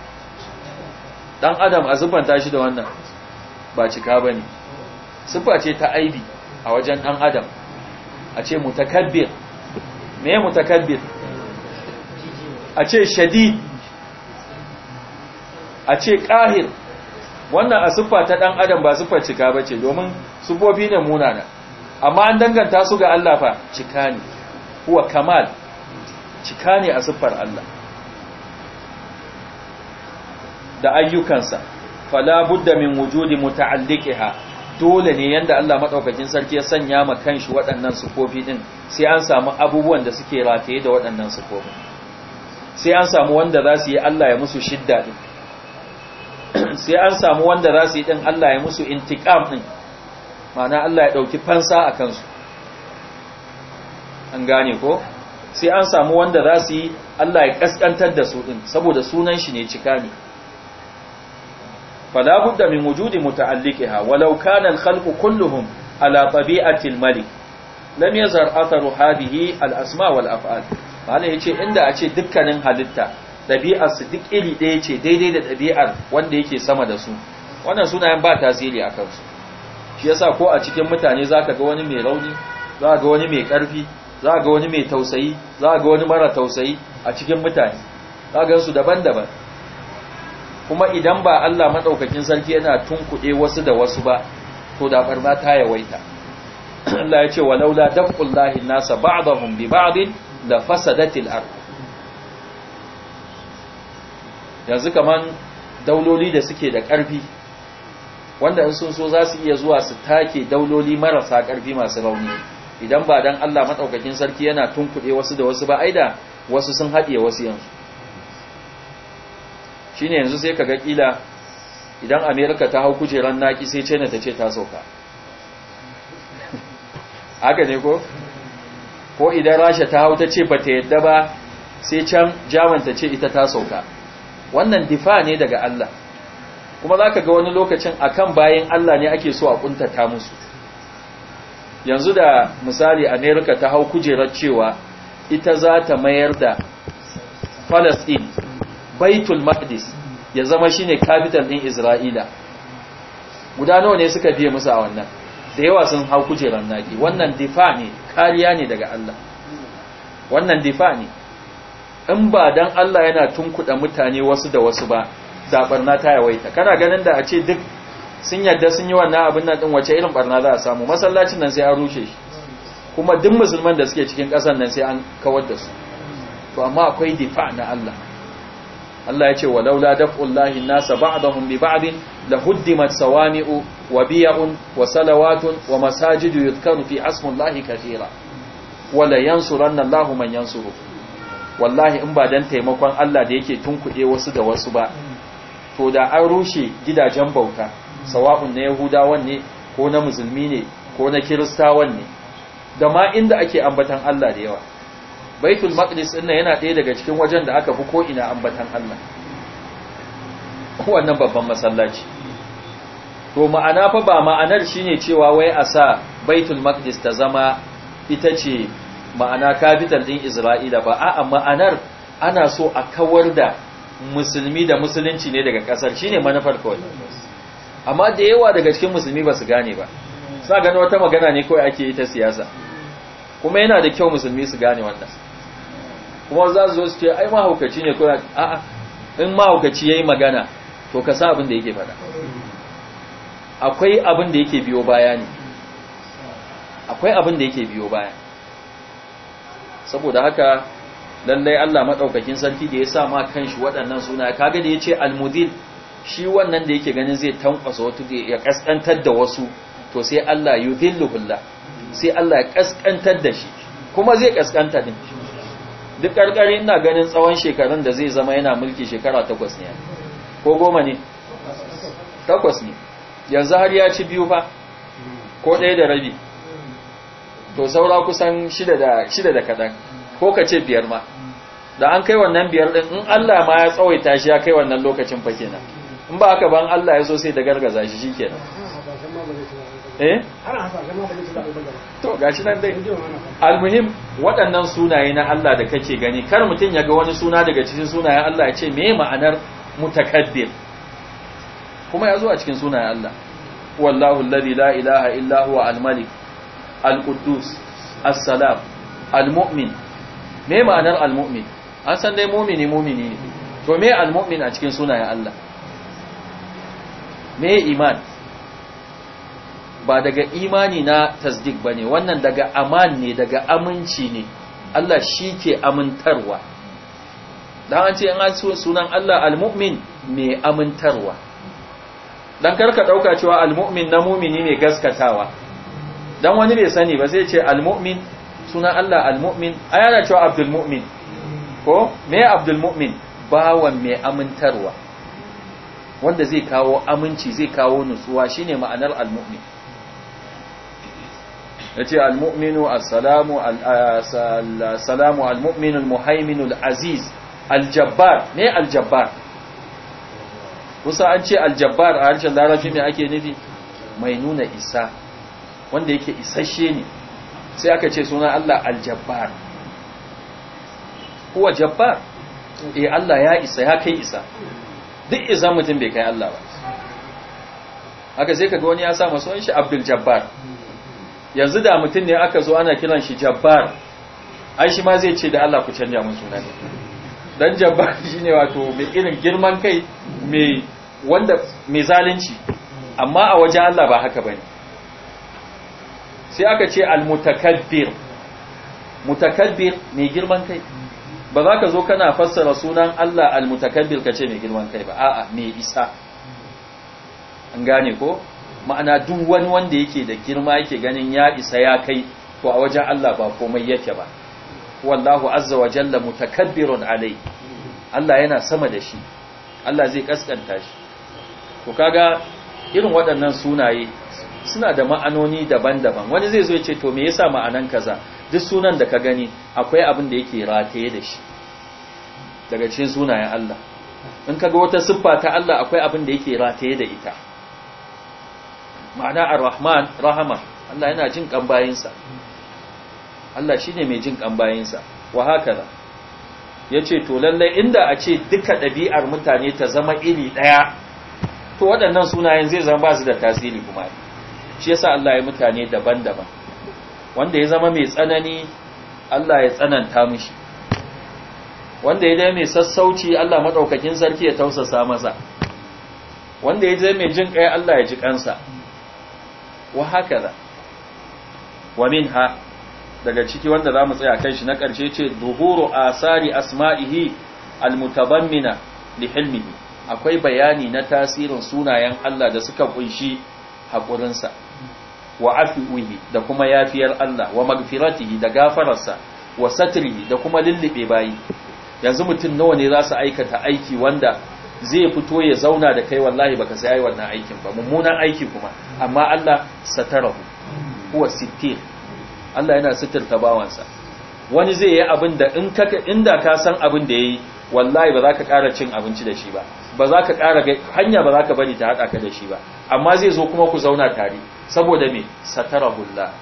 ɗan adam a siffanta shi da wannan ba cika ba ne siffa ce ta aibi a wajen ɗan adam a ce mutakabbir me mutakabbir a ce shadid a ce ƙahir wannan a siffa ta dan adam ba siffa cika bace domin sufofi ne munana amma an danganta su ga Allah fa cika ne huwa kamal cika ne a siffar Allah da ayyukansa fala budda min wujudi muta'alliqiha dole ne yanda Allah madaukakin sarki ya sanya ma kanshi waɗannan sufofi din sai an samu abubuwan da suke rataye da waɗannan sufofi sai an samu wanda za su yi Allah ya musu shidda din sai an samu wanda za su yi ɗin Allah ya musu intiƙam ɗin mana Allah ya ɗauki fansa a kansu an gane ko sai an samu wanda za su yi Allah ya ƙasƙantar da su ɗin saboda sunan shi ne cika ne fala budda min wujudi muta'alliqiha walau kana al-khalqu kulluhum ala tabi'ati al-malik lam yazhar atharu hadhihi al-asma wal af'al malai yace inda a ce dukkanin halitta ɗabi'ar su duk iri ɗaya ce daidai da ɗabi'ar wanda yake sama da su wannan sunayen ba tasiri a kansu shi yasa ko a cikin mutane za ka ga wani mai rauni za ga wani mai ƙarfi za ga wani mai tausayi za ga wani mara tausayi a cikin mutane za ga su daban-daban kuma idan ba Allah maɗaukakin sarki yana tunkuɗe wasu da wasu ba to da barna ta yawaita Allah ya ce wa laula dafqullahi nasa ba'dahum bi ba'd la fasadatil ardh yanzu kaman dauloli da suke da ƙarfi wanda in sun so za su iya zuwa su take dauloli marasa ƙarfi masu rauni idan ba dan Allah madaukakin sarki yana tunkuɗe wasu da wasu ba aida wasu sun haɗiye wasu yanzu shine yanzu sai kaga kila idan America ta hau kujeran naki sai China ta ce ta sauka haka ne ko ko idan Rasha ta hau ta ce ba ta yadda ba sai can Jaman ta ce ita ta sauka wannan difa ne daga Allah kuma za ka ga wani lokacin akan bayan Allah ne ake so a ƙuntata musu yanzu da misali amerika ta hau kujerar cewa ita za ta mayar da palestine baitul maqdis ya zama shine capital ɗin isra'ila guda nawa ne suka biye musu a wannan da yawa sun hau kujerar naki wannan difa ne kariya ne daga allah wannan difa ne in ba dan Allah yana tunkuɗa mutane wasu da wasu ba da barna ta yawaita kana ganin da a ce duk sun yadda sun yi wannan abin nan ɗin wace irin barna za a samu masallacin nan sai an rushe shi kuma duk musulman da suke cikin ƙasar nan sai an kawar da su to amma akwai difa na Allah Allah ya ce wa walaula daf'ullahi nasa ba'dahum bi la huddimat sawami'u wa biya'un wa salawatun wa masajidu yudkaru fi asmullahi katira wala yansuranna Allahu man yansuruhu wallahi in ba dan taimakon Allah da yake tun kuɗe wasu da wasu ba to da an rushe gidajen bauta sawa'un na yahudawan ne ko na musulmi ne ko na kiristawan ne da ma inda ake ambatan Allah da yawa baitul maqdis din yana ɗaya daga cikin wajen da aka fi ko ina ambatan Allah wannan babban masallaci to ma'ana fa ba ma'anar shine cewa wai a sa baitul maqdis ta zama ita ce ma'ana capital din Isra'ila ba a'a ma'anar ana so a kawar da musulmi da musulunci ne daga kasar shine manufar kawai amma da yawa daga cikin musulmi ba su gane ba sa gani wata magana ne kawai ake yi ta siyasa kuma yana da kyau musulmi su gane wannan kuma za su zo su ce ai mahaukaci ne kawai a'a in mahaukaci yayi magana to ka sa abin da yake faɗa akwai abin da yake biyo baya ne akwai abin da yake biyo baya saboda haka lallai Allah madaukakin sarki da ya sa ma kanshi waɗannan suna kaga da ce almudil shi wannan da yake ganin zai tankwasa wato ya kaskantar da wasu to sai Allah yudhilluhullah sai Allah ya kaskantar da shi kuma zai kaskanta din duk ƙarƙari ina ganin tsawon shekarun da zai zama yana mulki shekara takwas ne ko goma ne takwas ne yanzu har ya ci biyu fa ko ɗaya da rabi to saura kusan shida da shida da kadan ko ka ce biyar ma da an kai wannan biyar din in Allah ma ya tsawaita shi ya kai wannan lokacin fa kenan in ba haka ban Allah ya so sai da gargaza shi shikenan eh to gashi nan dai almuhim waɗannan sunaye na Allah da kake gani kar mutun ya ga wani suna daga cikin sunayen Allah ya ce me ma'anar mutakaddim kuma ya zo a cikin sunayen Allah wallahu alladhi la ilaha illa huwa al al-quddus as-salam al-mu'min me ma'anar al-mu'min an san dai mu'mini mu'mini ne to me al-mu'min a cikin sunayen Allah me iman ba daga imani na tasdik bane wannan daga aman ne daga aminci ne Allah shi ke amintarwa dan an ce in an sunan Allah al-mu'min mai amintarwa dan karka ɗauka cewa al-mu'min na mu'mini mai gaskatawa dan wani bai sani ba sai ce al-mu'min sunan Allah al-mu'min ayana cewa abdul mu'min ko me abdul mu'min bawan mai amintarwa wanda zai kawo aminci zai kawo nutsuwa shine ma'anar al-mu'min yace al-mu'minu assalamu al-salamu al-mu'minu al muhaymin al-aziz al-jabbar me al-jabbar kusa an ce al-jabbar a harshen larabci me ake nufi mai nuna isa wanda yake isasshe ne sai aka ce suna Allah aljabbar kuwa jabbar eh Allah ya isa ya kai isa duk isa mutum bai kai Allah ba Aka sai kaga wani ya sa masu shi Abdul Jabbar yanzu da mutum ne aka zo ana kiran shi Jabbar ai shi ma zai ce da Allah ku canja mun suna ne dan Jabbar shine wato mai irin girman kai mai wanda mai zalunci amma a wajen Allah ba haka bane sai aka ce al-mutakabbir mutakabbir mai girman kai ba za ka zo kana fassara sunan Allah al-mutakabbir ka ce mai girman kai ba a'a mai isa an gane ko ma'ana duk wani wanda yake da girma yake ganin ya isa ya kai to a wajen Allah ba komai yake ba wallahu azza wa jalla mutakabbirun alai Allah yana sama da shi Allah zai kaskanta shi to kaga irin waɗannan sunaye suna da ma'anoni daban-daban wani zai zo ya ce to me yasa ma'anan kaza duk sunan da ka gani akwai abin da yake rataye da shi daga cikin sunayen Allah in kaga wata siffa ta Allah akwai abin da yake rataye da ita ma'ana ar-rahman rahama Allah yana jin kan bayinsa Allah shine mai jin kan bayinsa wa hakala yace to lalle inda a ce duka ɗabi'ar mutane ta zama iri ɗaya to waɗannan sunayen zai zama ba su da tasiri kuma ne shi yasa Allah ya mutane daban-daban wanda ya zama mai tsanani Allah ya tsananta mishi wanda ya zama mai sassauci Allah madaukakin sarki ya tausasa masa wanda ya zama mai jin kai Allah ya ji kansa wa hakaza wa minha daga ciki wanda za mu tsaya kan shi na karshe ce duhuru asari asma'ihi almutabammina lihilmihi akwai bayani na tasirin sunayen Allah da suka kunshi haƙurinsa wa afi'uhi da kuma yafiyar Allah wa magfiratihi da gafararsa wa satrihi da kuma lillibe bayi yanzu mutum nawa ne za su aikata aiki wanda zai fito ya zauna da kai wallahi baka sai yayi wannan aikin ba mummunan aiki kuma amma Allah satarahu huwa sittir Allah yana sitirta bawansa wani zai yi abin da in ka inda ka san abin da yayi wallahi ba za ka ƙara cin abinci da shi ba ba za ka ƙara hanya ba za ka bari ta haɗa ka da shi ba amma zai zo kuma ku zauna tare saboda me satara hulla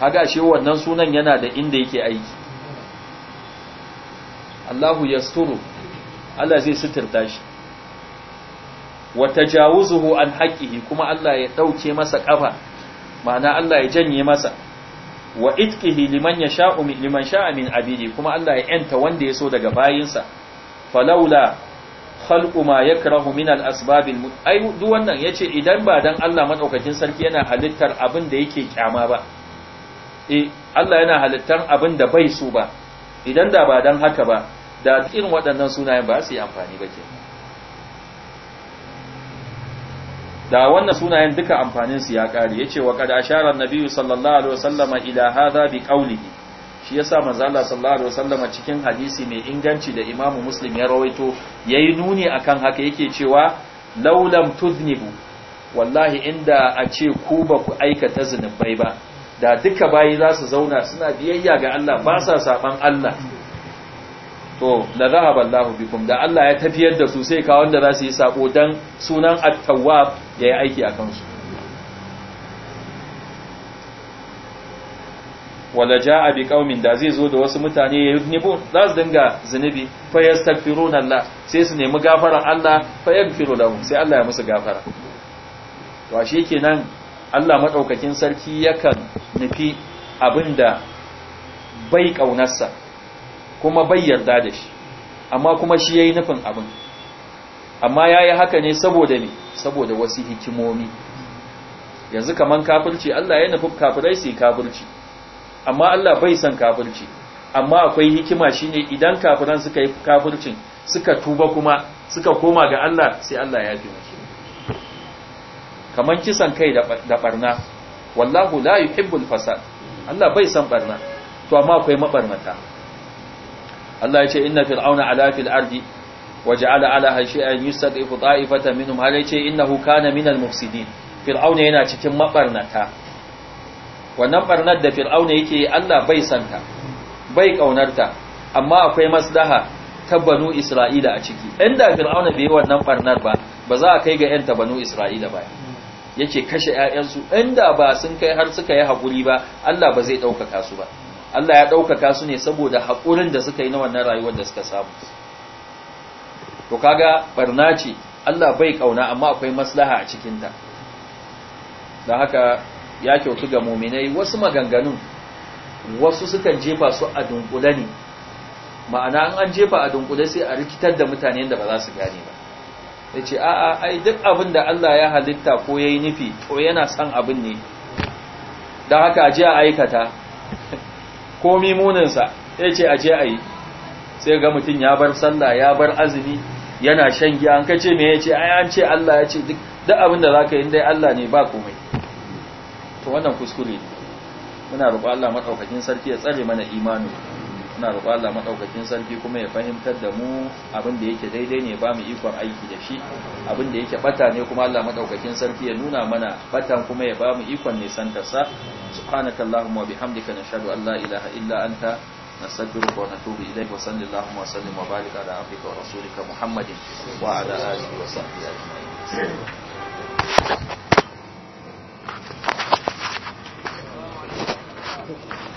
haga shi wannan sunan yana da inda yake aiki Allahu yasturu Allah zai suturta shi wa tajawuzuhu an haqqihi kuma Allah ya ɗauke masa kafa ma'ana Allah ya janye masa wa itqihi liman yasha'u liman sha'a min abidi kuma Allah ya yanta wanda ya so daga bayinsa falaula khalqu ma yakrahu min al-asbab ayu duk wannan yace idan ba dan Allah madaukakin sarki yana halittar abin da yake kyama ba eh Allah yana halittar abin da bai so ba idan da ba dan haka ba da irin waɗannan sunayen ba su yi amfani ba kenan da wannan sunayen duka amfanin su ya kare yace wa qad ashara an-nabiy sallallahu alaihi wasallama ila hadha bi qawlihi shi yasa manzo Allah sallallahu alaihi wasallama cikin hadisi mai inganci da Imam Muslim ya rawaito yayi nuni akan haka yake cewa laulam tudnibu wallahi inda a ce ku ba ku aikata zinubai ba da duka bayi za su zauna suna biyayya ga Allah ba sa saban Allah to la zahaba Allahu bikum da Allah ya tafiyar da su sai ka wanda za yi sako dan sunan at-tawwab yi aiki akan su wala jaa bi qaumin da zai zo da wasu mutane ya yunibu za su dinga zunubi fa yastaghfiruna Allah sai su nemi gafaran Allah fa yaghfiru lahum sai Allah ya musu gafara to shi kenan Allah madaukakin sarki yakan nufi abinda bai kaunarsa kuma bai yarda da shi amma kuma shi yayi nufin abin amma yayi haka ne saboda ne, saboda wasu hikimomi yanzu kaman kafirci Allah ya nufi kafirai su yi kafirci amma Allah bai san kafirci amma akwai hikima shine idan kafiran suka yi kafircin suka tuba kuma suka koma ga Allah sai Allah ya kaman kisan kai da barna wallahu la yuhibbul fasad Allah bai san barna to amma akwai mabarnata Allah ya ce inna fir'auna ala fil ardi waja'ala ala shay'an yusadifu ta'ifatan minhum har ya ce innahu kana minal mufsidin fir'auna yana cikin mabarnata wannan barnar da fir'auna yake Allah bai santa bai kaunarta amma akwai maslaha ta banu Isra'ila a ciki inda fir'auna bai wannan barnar ba ba za a kai ga yanta banu Isra'ila ba yake kashe ƴaƴansu inda ba sun kai har suka yi hakuri ba Allah ba zai ɗaukaka su ba Allah ya ɗaukaka su ne saboda haƙurin da suka yi na wannan rayuwar da suka samu to kaga barna ce Allah bai ƙauna amma akwai maslaha a cikinta don haka ya kyautu ga muminai wasu maganganun wasu sukan jefa su a dunkule ne ma'ana an jefa a dunkule sai a rikitar da mutane da ba za su gane ba ya ce a'a ai duk abin da Allah ya halitta ko ya yi nufi ko yana son abin ne don haka a je a aikata komi muninsa ya ce a je a yi sai ga mutum ya bar sallah ya bar azumi yana shan giya an kace me yace? ce ai an ce Allah yace ce duk abin da za ka yi dai Allah ne ba komai to wannan kuskure muna roƙon Allah maɗaukakin sarki ya tsare mana imanin suna roƙon Allah madaukakin sarki kuma ya fahimtar da mu abin da yake daidai ne ba mu ikon aiki da shi abin da yake bata ne kuma Allah madaukakin sarki ya nuna mana batan kuma ya ba mu ikon nisantar sa subhanakallahumma wa bihamdika nashhadu an la ilaha illa anta wa ونتوب إليك وصلى اللهم وسلم وبارك على عبدك ورسولك محمد وعلى آله وصحبه أجمعين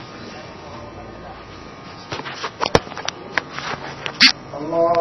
الله